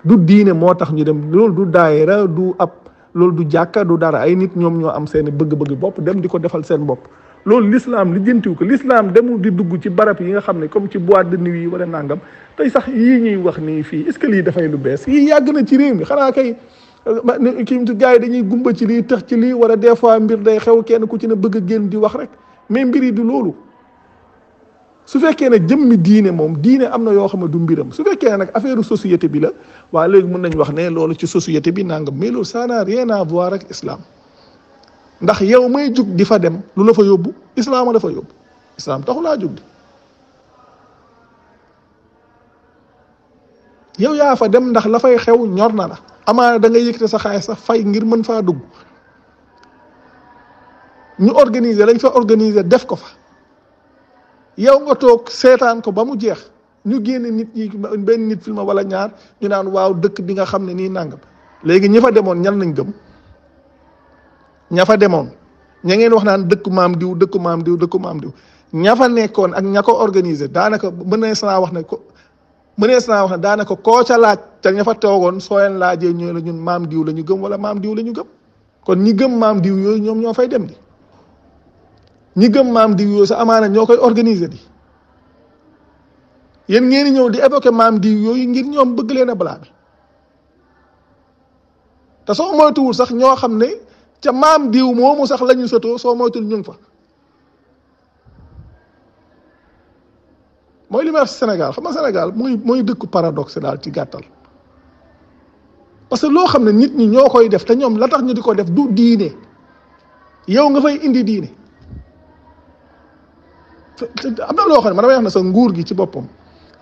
du diiné mo tax ñu dem lolu du daayira du ab lolu du jaaka du dara ay nit ñom ñoo am seen bëgg-bëgg bop dem di defal seen bop lolu l'islam li jëntiw ko l'islam demul di dugg ci barap yi nga xamne ne comme ci boîte de nuit wala nangam tay sax yi ñuy wax ni fi est ce que da fay lu bees yi yag na ci réew mi xana kay kii gars yi dañuy gumba ci lii tax ci lii wala des fois mbir day xew kenn ku ci na bëgg a génn di wax rek mais mbir yi du loolu su fekkee ne jëmmi diine moom diine am na yoo xam ne du mbiram su fekkee ne nag affaire société bi la waa léegi mën nañ wax ne loolu ci société bi nangam mais loolu ça n'a rien à voir ak islam ndax yow may jug di fa dem lu la fa yóbbu islam la fa yóbbu islam taxu laa jug di yow yaa fa dem ndax la fay xew ñor na la amaana da ngay yëkkate sa sax fay ngir mën faa dugg ñu organiser lañ fa organiser def ko fa yow nga toog seetaan ko ba mu jeex ñu génne nit ñi benn nit film wala ñaar ñu naan waaw dëkk bi nga xam ne nii nàngam léegi ñi fa demoon ñan nañ gëm ñafa demoon ña ngeen wax naan dëkk maam diw dëkk maam diw dëkk maam diw ña fa nekkoon ak ña ko organiser daanaka mën na saa wax ne ko mënees naa wax ne daanaka koo ca laaj ca ña fa teewoon soo leen laajee ñooy la ñun maam diw la ñu gëm wala maam diw la ñu gëm kon ñi gëm maam diw yooyu ñoom ñoo fay dem di ñi gëm maam diw yooyu sa amaana ñoo koy organiser di yéen ngeen di ñëw di évoquer maam diw yooyu ngir ñoom bëgg leen a balaa bi te soo moytuwul sax ñoo xam ne ca maam diw moomu sax la ñu sëtoo soo moytuwul ñu ngi fa mooy li may wax Sénégal xam nga Sénégal mooy mooy dëkku daal ci gàttal parce que loo xam ne nit ñi ñoo koy def te ñoom la tax ñu di ko def du diine yow nga fay indi diine am na loo xam ne man damay wax sa nguur gi ci boppam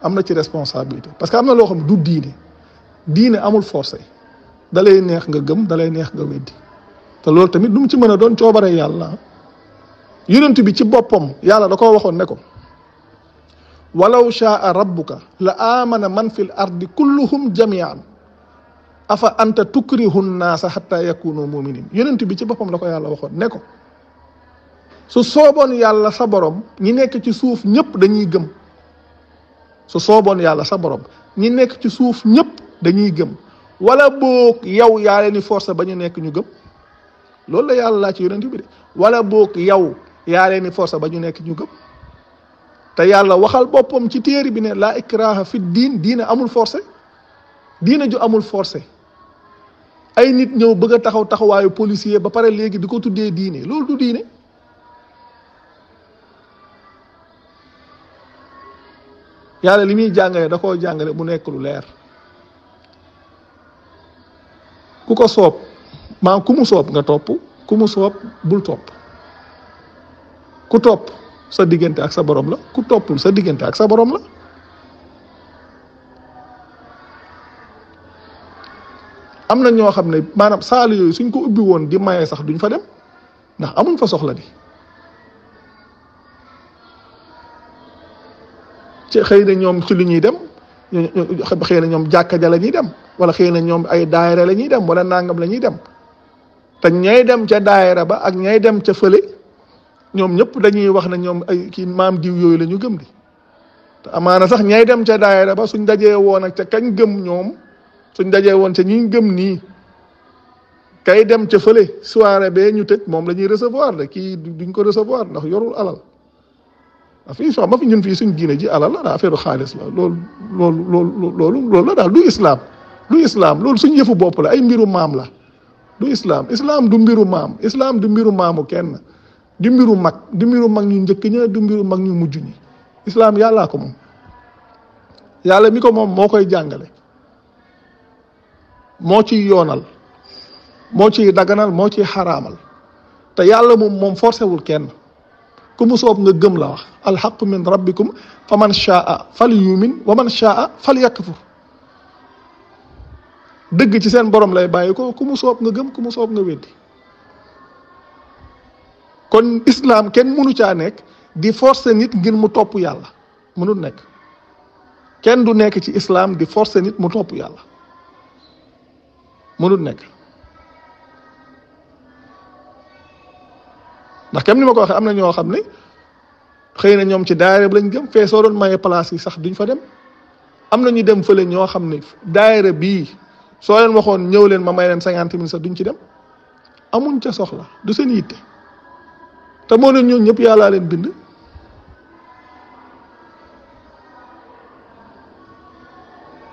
am na ci responsabilité parce que am na loo xam ne du diine diine amul forcé da lay neex nga gëm dalay neex nga weddi te loolu tamit lu ci mën a doon coobare yàlla yonent bi ci boppam yàlla da koo waxoon ne ko walaw shaa rabbuka la amana man fi l ardi kulluhum jamian afa anta tukrihu nnaasa xatta yakunu muminin yonent bi ci boppam la ko yàlla waxoon ne ko su sooboon yàlla sa borom ñi nekk ci suuf ñëpp dañuy gëm su sooboon yàlla sa borom ñi nekk ci suuf ñëpp dañuy gëm wala boog yow yaa leen di ba ñu nekk ñu gëm loolu la yàlla laa ci yonent bi de wala boog yow yaa leen di ba ñu nekk ñu gëm te yàlla waxal boppam ci téere bi ne la ikraha fi din diine amul forcé diine ju amul forcé ay nit ñëw bëgg a taxaw taxawaayu policier ba pare léegi di ko tuddee diine loolu du diine yàlla li muy jàngale da koo jàngale mu nekk lu leer ku ko soob maa ku mu soob nga topp ku mu soob bul topp ku topp sa diggante ak sa borom la ku toppul sa diggante ak sa borom la am na ñoo xam ne maanaam saal yooyu suñ ko ubbi woon di maye sax duñ fa dem ndax amuñ fa soxla di ci xëy na ñoom ci li ñuy dem xëy na ñoom jàkka ja la dem wala xëy na ñoom ay daayira la ñuy dem wala nangam la ñuy dem te ñay dem ca daayira ba ak ñay dem ca fële ñoom ñëpp dañuy wax na ñoom ay kii maam diw yooyu lañu gëm di te amaana sax ñay dem ca daayira ba suñ dajee woon ak ca kañ gëm ñoom suñ dajee woon ca ñi gëm nii kay dem ca fële soirée bee ñu tëj moom la ñuy recevoir de kii duñ ko recevoir ndax yorul alal affiche ba fi ñun fii suñ diine ji alal la daa affaire xaalis la loolu loolu la daal du islam du islam loolu suñ yëfu bopp la ay mbiru maam la du islam islam du mbiru maam islam du mbiru maamu kenn. du mbiru mag du mbiru mag ñu njëkk ña du mbiru mag ñu mujj ñi islaam yàllaa ko moom yàlla mi ko moom moo koy jàngale moo ciy yoonal moo ciy daganal moo ciy xaraamal te yàlla moom moom forcé wul kenn ku mu soob nga gëm la wax alxaqu min rabbikum fa man shaa fal yumin wa man shaa fal yakfur dëgg ci seen borom lay bàyyi ko ku mu soob nga gëm ku mu soob nga weddi kon islam kenn mënu caa nekk di forcer nit ngir mu topp yàlla mënul nekk kenn du nekk ci islam di forcer nit mu topp yàlla mënul nekk ndax kem ni ma ko waxee am na ñoo xam ne xëy na ñoom ci daayira bi lañ gëm fee soo doon maye place yi sax duñ fa dem am na ñuy dem fële ñoo xam ne daayira bii soo leen waxoon ñëw leen ma may leen cinquante mille sax duñ ci dem amuñ ca soxla du seen yitte. te moo leen ñoom ñëpp yàllaa leen bind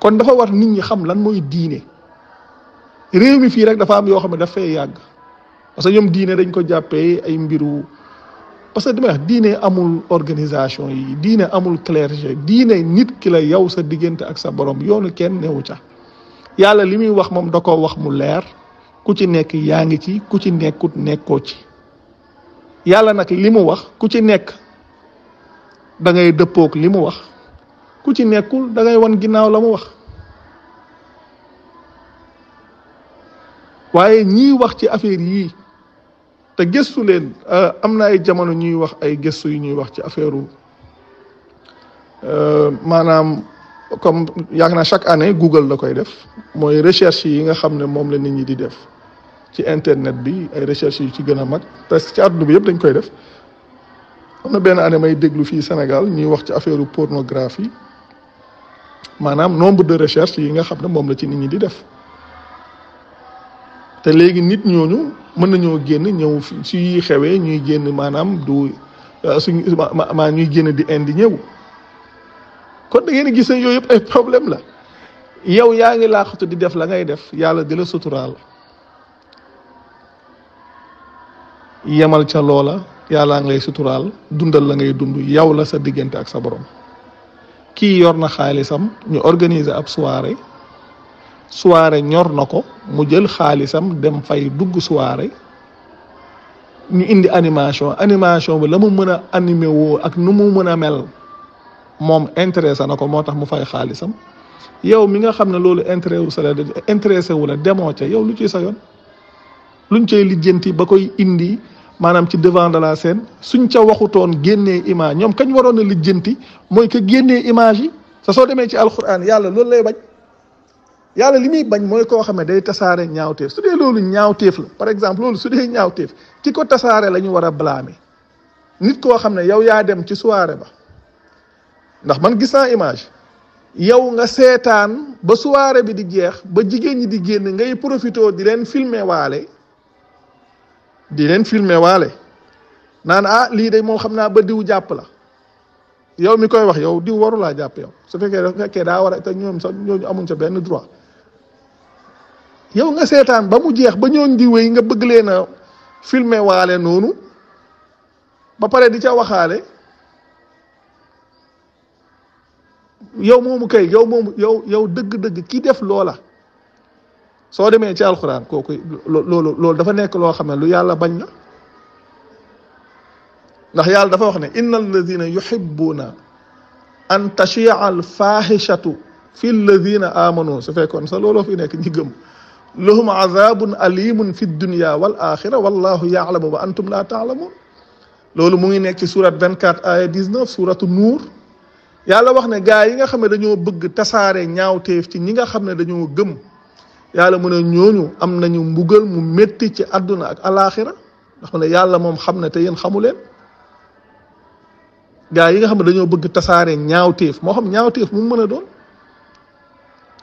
kon dafa war nit ñi xam lan mooy diine réew mi fii rek dafa am yoo xam ne daf fay yàgg parce que ñoom diine dañ ko jàppee ay mbiru parce que dama diine amul organisation yi diine amul clergé diine nit ki la yow sa diggante ak sa borom yoonu kenn newu ca yàlla li muy wax moom da koo wax mu leer ku ci nekk yaa ngi ci ku ci nekkut nekkoo ci yàlla nag li mu wax ku ci nekk da ngay dëppoog li mu wax ku ci nekkul da ngay wan ginnaaw la mu wax waaye ñiy wax ci affaire yii te gëstu leen euh, am na ay jamono ñuy wax ay gëstu yu ñuy wax ci affaire euh, maanaam comme yaakaar naa chaque année Google da koy def mooy recherche yi nga xam ne moom la nit ñi di def. ci internet bi ay recherche yu ci gën a mag parce ci àdduna bi yëpp dañ koy def am na benn année déglu fii Sénégal ñuy wax ci affaire pornographie maanaam nombre de recherche yi nga xam ne moom la ci nit ñi di def te léegi nit ñooñu mën nañoo génn ñëw suy xewee ñuy génn maanaam du euh, suñ maa ñuy génn di indi ñëw kon da ngeen gis yooyu yëpp ay problème la yow yaa ngi laa laaxatu di def la ngay def yàlla di la suturaal yemal ca loola yàllaa ngay suturaal dundal la ngay dund yow la sa diggante ak sa borom kii yor na xaalisam ñu organiser ab soirée soirée ñor na ko mu jël xaalisam dem fay dugg soirée ñu indi animation animation bi la mu mën a animé woo ak nu mu mën a mel moom intéressé na ko moo tax mu fay xaalisam yow mi nga xam ne loolu intéressé wu sa la intéressé wu la demoo ca yow lu ci sa yoon luñ cay lijjanti ba koy indi maanaam ci devant de la scène suñ ca waxutoon génnee image ñoom kañ waroon a lijjanti mooy que génnee image yi sa soo demee ci alxuraan yàlla loolu lay bañ yàlla li muy bañ mooy koo xam ne day tasaare ñaawteef su dee loolu ñaawteef la par exemple loolu su dee ñaawteef ki ko tasaare la ñu war a blâmer nit koo xam ne yow yaa dem ci soirée ba ndax man gis naa image yow nga seetaan ba soirée bi di jeex ba jigéen ñi di génn ngay profité di leen filmer waale di leen filmer waale naan ah lii de moom xam naa ba diw jàpp la yow mi koy wax yow diw warulaa laa jàpp yow su fekkee su daa war a te ñoom sax ñooñu amuñ sa benn droit yow nga seetaan ba mu jeex ba ñooñ di yi nga bëgg leen a filmer waale noonu ba pare di ca waxaale yow moomu kay yow moomu yow yow dëgg-dëgg ki def loola so demé ci alcorane koku lolu lolu dafa nek lo xamné lu yàlla bañ na ndax yàlla dafa wax ne innal ladhina yuhibbuna an tashia al fahishatu fi alladina amanu su fekkoon sa lolu fi nek ñi gëm lahum azabun alimun fi dunya wal akhirah wallahu ya'lamu wa antum la ta'lamun lolu mu ngi nek ci sourate 24 ayat 19 sourate nur yàlla wax ne gaay yi nga xamné ne dañoo bëgg tassaré ñaawteef ci ñi nga xamné ne dañoo gëm yalla mu ne ñooñu am nañu mbugal mu metti ci aduna ak alakhira ndax mu ne yàlla moom na te yeen xamulen gaay yi nga xamne dañoo bëgg tasaare ñaawteef mo xam ñaawteef mu mëna doon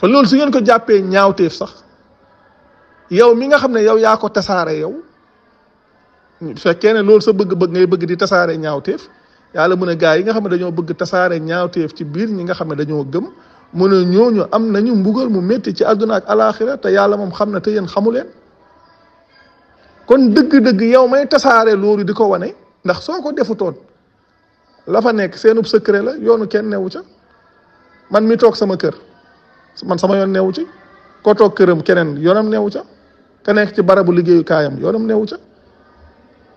fa lool su ngeen ko jappé ñaawteef sax yow mi nga xamne yow ya ko tasaare yow fekkee ne sa bëgg-bëgg ngay bëgg di tasaare ñaawteef yalla mu ne gaa yi nga xamne dañoo bëgg tasaare ñaawteef ci biir ñi nga xamne dañoo gëm mu ne ñooñu am nañu mbugal mu métti ci àdduna ak alaxira te yàlla moom xam na te yéen xamu leen kon dëgg-dëgg yow may tasaare loolu di ko wane ndax soo ko defutoon la fa nekk seenub secret la yoonu kenn newu ca man mi toog sama kër man sama yoon newu ci ko toog këram keneen yoonam newu ca ka nekk ci barabu liggéeyukaayam yoonam newu ca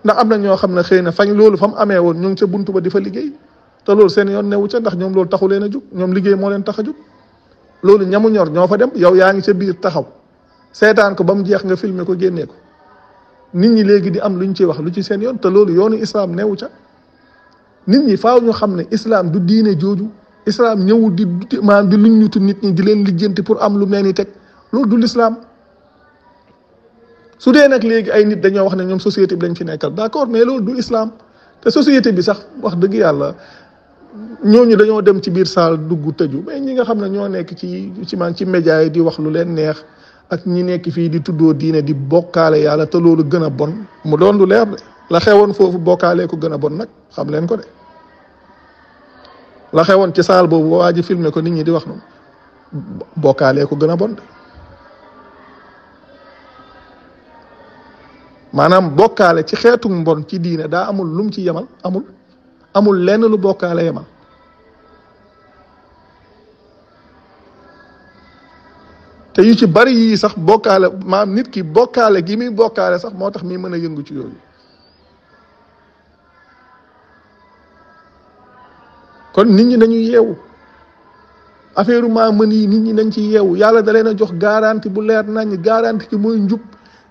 ndax am na ñoo xam ne xëy na fañ loolu fa mu amee woon ñu ngi ca buntu ba di fa liggéey. te loolu seen yoon newu ca ndax ñoom loolu taxu leen a jug ñoom liggéey moo leen tax a loolu ñamu ñor ñoo fa dem yow yaa ngi ca biir taxaw seetaan ko ba mu jeex nga filmer ko génnee ko nit ñi léegi di am lu ñu ci wax lu ci seen yoon te loolu yoonu islam newu ca nit ñi faaw ñu xam ne islaam du diine jooju islam ñëwul di maanaam di ñu ñutu nit ñi di leen lijjanti pour am lu mel ni teg loolu du lislaam su dee nag léegi ay nit dañoo wax ne ñoom société bi lañ fi nekkal d'accord mais loolu du lislaam te société bi sax wax dëgg yàlla ñooñu dañoo dem ci biir saal dugg tëju mais ñi nga xam ne ñoo nekk ci ci man ci média yi di wax lu leen neex ak ñi nekk fii di tuddoo diine di bokkaale yàlla te loolu gën a bon mu doon lu leer de la xewoon foofu bokkaalee ko gën a bon nag xam leen ko de ci saal boobu waa ji filmer ko nit ñi di wax noonu bokkaalee ko gën a bon maanaam bokkaale ci xeetu mbon ci diine daa amul lum ci yemal amul amul lenn lu bokkaale ma te yu ci bari yii sax bokkaale maam nit ki bokkaale gi muy bokkaale sax moo tax muy mën a yëngu ci yooyu kon nit ñi nañu yeewu affaire maa mën yi nit ñi nañ ci yeewu yàlla da leen a jox garanti bu leer nañ garanti ki mooy njub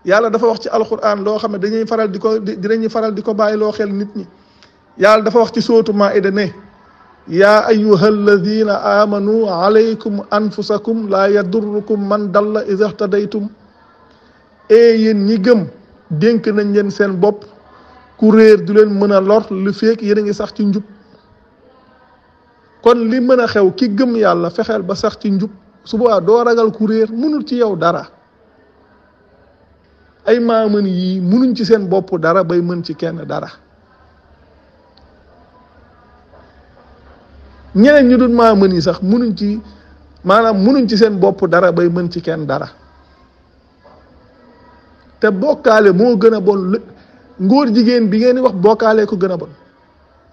yàlla dafa wax ci alxuraan loo xam ne dañuy faral di ko dinañuy faral di ko bàyyi loo xel nit ñi yàlla dafa wax ci sootu maida ne yaa ayuha alladina amanu alaykum anfusakum laa yadurrukum man dalla ida htadaytum ee yéen ñi gëm dénk nañ leen seen bopp ku du leen mën a lor lu feek yéen a ngi sax ci njub kon li mën a xew ki gëm yàlla fexeel ba sax ci njub suba boobaa doo ragal ku réer ci yow dara ay maamën yii mënuñ ci seen boppu dara bay mën ci kenn dara ñeneen ñu dul maa mën yi sax munuñ ci maanaam munuñ ci seen bopp dara bay mën ci kenn dara te bokkaale moo gën a bon ngóor jigéen bi ngeen di wax bokkaale ko gën a bon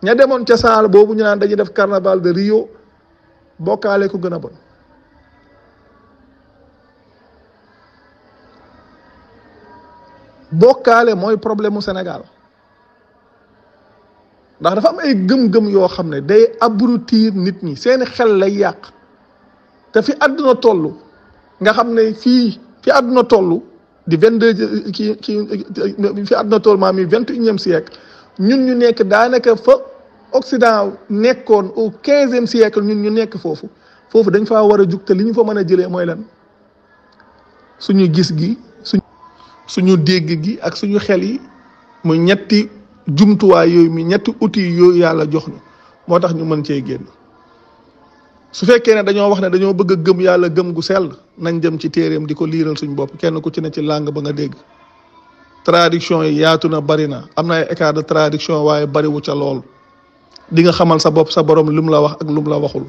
ña demoon ca saal boobu ñu naan dañuy def carnaval de Rio bokkaale ko gën a bon bokkaale mooy problème mu Sénégal ndax dafa am ay gëm-gëm yoo xam ne day abrutir nit ñi seeni xel lay yàq te fi àdduna toll nga xam ne fii fi àdduna toll di vingt deux kii kii fi àdduna toll maa mi vingt et unième siècle ñun ñu nekk daanaka fa Occident nekkoon au quinzième siècle ñun ñu nekk foofu foofu dañ faa war a jukk te li ñu fa mën a jëlee mooy len suñu gis gi suñu suñu dégg gi ak suñu xel yi muy ñetti jumtuwaay yooyu mi ñetti outils yooyu yàlla jox ñu moo tax ñu mën cee génn su fekkee ne dañoo wax ne dañoo bëgg gëm yàlla gëm gu sell nañ jëm ci téeréem di ko liiral suñ bopp kenn ku ci ne ci langue ba nga dégg traduction yi yaatu na bari na am na ay écart de traduction waaye bariwu ca lool di nga xamal sa bopp sa borom lu mu la wax ak lu la waxul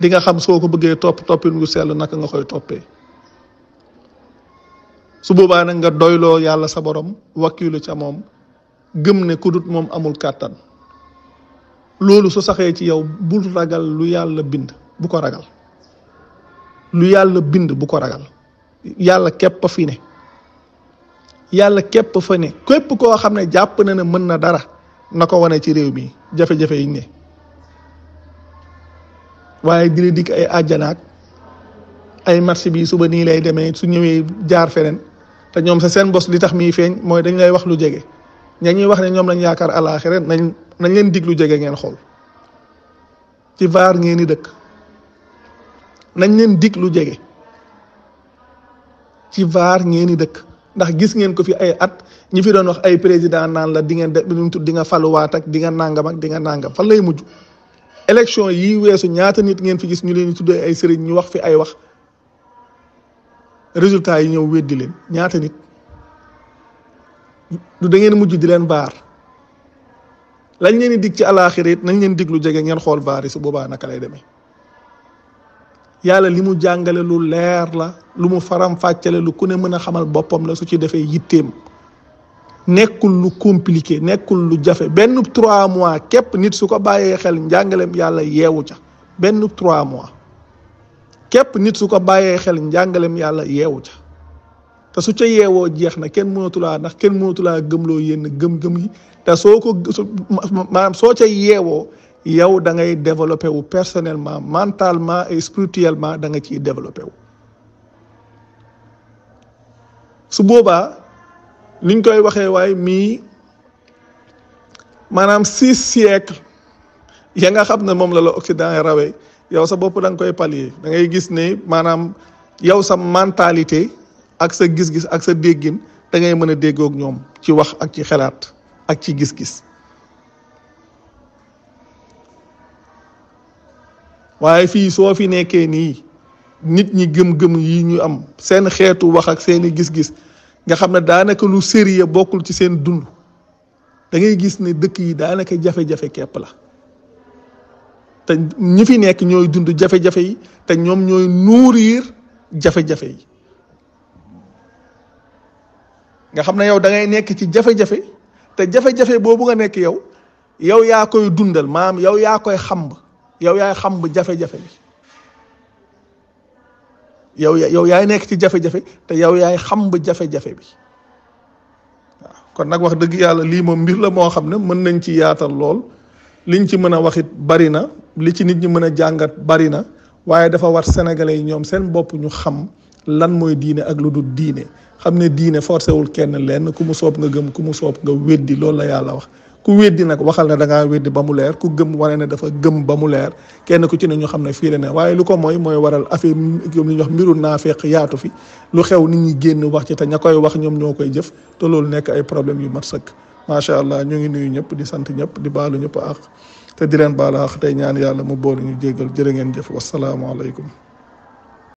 di nga xam soo ko bëggee topp toppin gu sell naka nga koy toppee su boobaa nag nga doyloo yàlla sa borom wakkilu ca moom gëm ne ku dut moom amul kàttan loolu su saxee ci yow bul ragal lu yàlla bind bu ko ragal lu yàlla bind bu ko ragal yàlla képp a fi ne yàlla képp fa ne képp koo xam ne jàpp na ne mën na dara na ko wane ci réew mi jafe-jafe yi ne waaye dina dikk ay àjjanaak ay marché bii suba nii lay demee su ñëwee jaar feneen te ñoom sa seen bos li tax miy feeñ mooy dañ lay wax lu jege. ña ñuy wax ne ñoom lañ yaakaar àllaaxira nañ nañ leen diglu jege ngeen xool ci vaar ngeen ni dëkk nañ leen diglu jege ci vaar ngeen ni dëkk ndax gis ngeen ko fi ay at ñi fi doon wax ay président naan la di de def lu tudd di nga faluwaat ak di nga nangam ak di nga nangam fan lay mujj élection yi weesu ñaata nit ngeen fi gis ñu leen tuddee ay sëriñ ñu wax fi ay wax résultat yi ñëw weddi leen ñaata nit. du da ngeen mujj di leen baar lañ leen dig ci nañ leen dig lu jege ngeen xool baar yi su boobaa naka lay demee yàlla li mu lu leer la lu mu faram fàccale lu ku ne mën a xamal boppam la su ci defee yitteem nekkul lu compliqué nekkul lu jafe benn trois mois képp nit su ko bàyyee xel njàngalem yàlla yeewu ca benn trois mois képp nit su ko bàyyee xel njàngalem yàlla yeewu ca te su ca yeewoo jeex na kenn mënatulaa ndax kenn mënatulaa gëmloo yenn gëm-gëm te soo ko maanaam soo ca yeewoo yow dangay ngay développé wu personnellement mentalement et spirituellement da nga ciy développé wu su boobaa niñ koy waxee waay mii maanaam six siècles ya nga xam ne moom la la Occident rawee yow sa bopp da nga koy pallier da ngay gis ne maanaam yow sa mentalité ak sa gis-gis ak sa déggin dangay mën a déggook ñoom ci wax ak ci xalaat ak ci gis-gis waaye fii soo fi nekkee nii nit ñi gëm-gëm yi ñu am seen xeetu wax ak seeni gis-gis nga xam ne daanaka lu sérieux bokkul ci seen dund dangay gis ne dëkk yi daanaka jafe-jafe képp la te ñi fi nekk ñooy dund jafe-jafe yi te ñoom ñooy nourrir jafe-jafe yi nga xam ne yow dangay nekk ci jafe-jafe te jafe-jafe boobu nga nekk yow yow yaa koy dundal maanaam yow yaa koy xamb yow yaay xamb jafe-jafe bi yow yow yaay nekk ci jafe-jafe te yow yaay xamb jafe-jafe bi waaw kon nag wax dëgg yàlla lii moom mbir la moo xam ne mën nañ ci yaatal lool liñ ci mën a waxit bari na li ci nit ñi mën a jàngat bari na waaye dafa war sénégalais yi ñoom seen bopp ñu xam lan mooy diine ak lu dul diine xam ne diine forcé wul kenn lenn ku mu soob nga gëm ku mu soob nga weddi loolu la yàlla wax ku weddi nag waxal ne da ngaa weddi ba mu leer ku gëm wane ne dafa gëm ba mu leer kenn ku ci ne ñu xam ne fii la ne waaye lu ko mooy mooy waral affaire comme li ñuy wax mbiru naafeq yaatu fi lu xew nit ñi génn wax ci te ña koy wax ñoom ñoo koy jëf te loolu nekk ay problème yu mat sëkk macha allah ñu ngi nuyu ñëpp di sant ñëpp di baalu ñëpp ak te di leen baalu ax tey ñaan yàlla mu boole ñu jéggal jërë ngeen jëf wasalaamaaleykum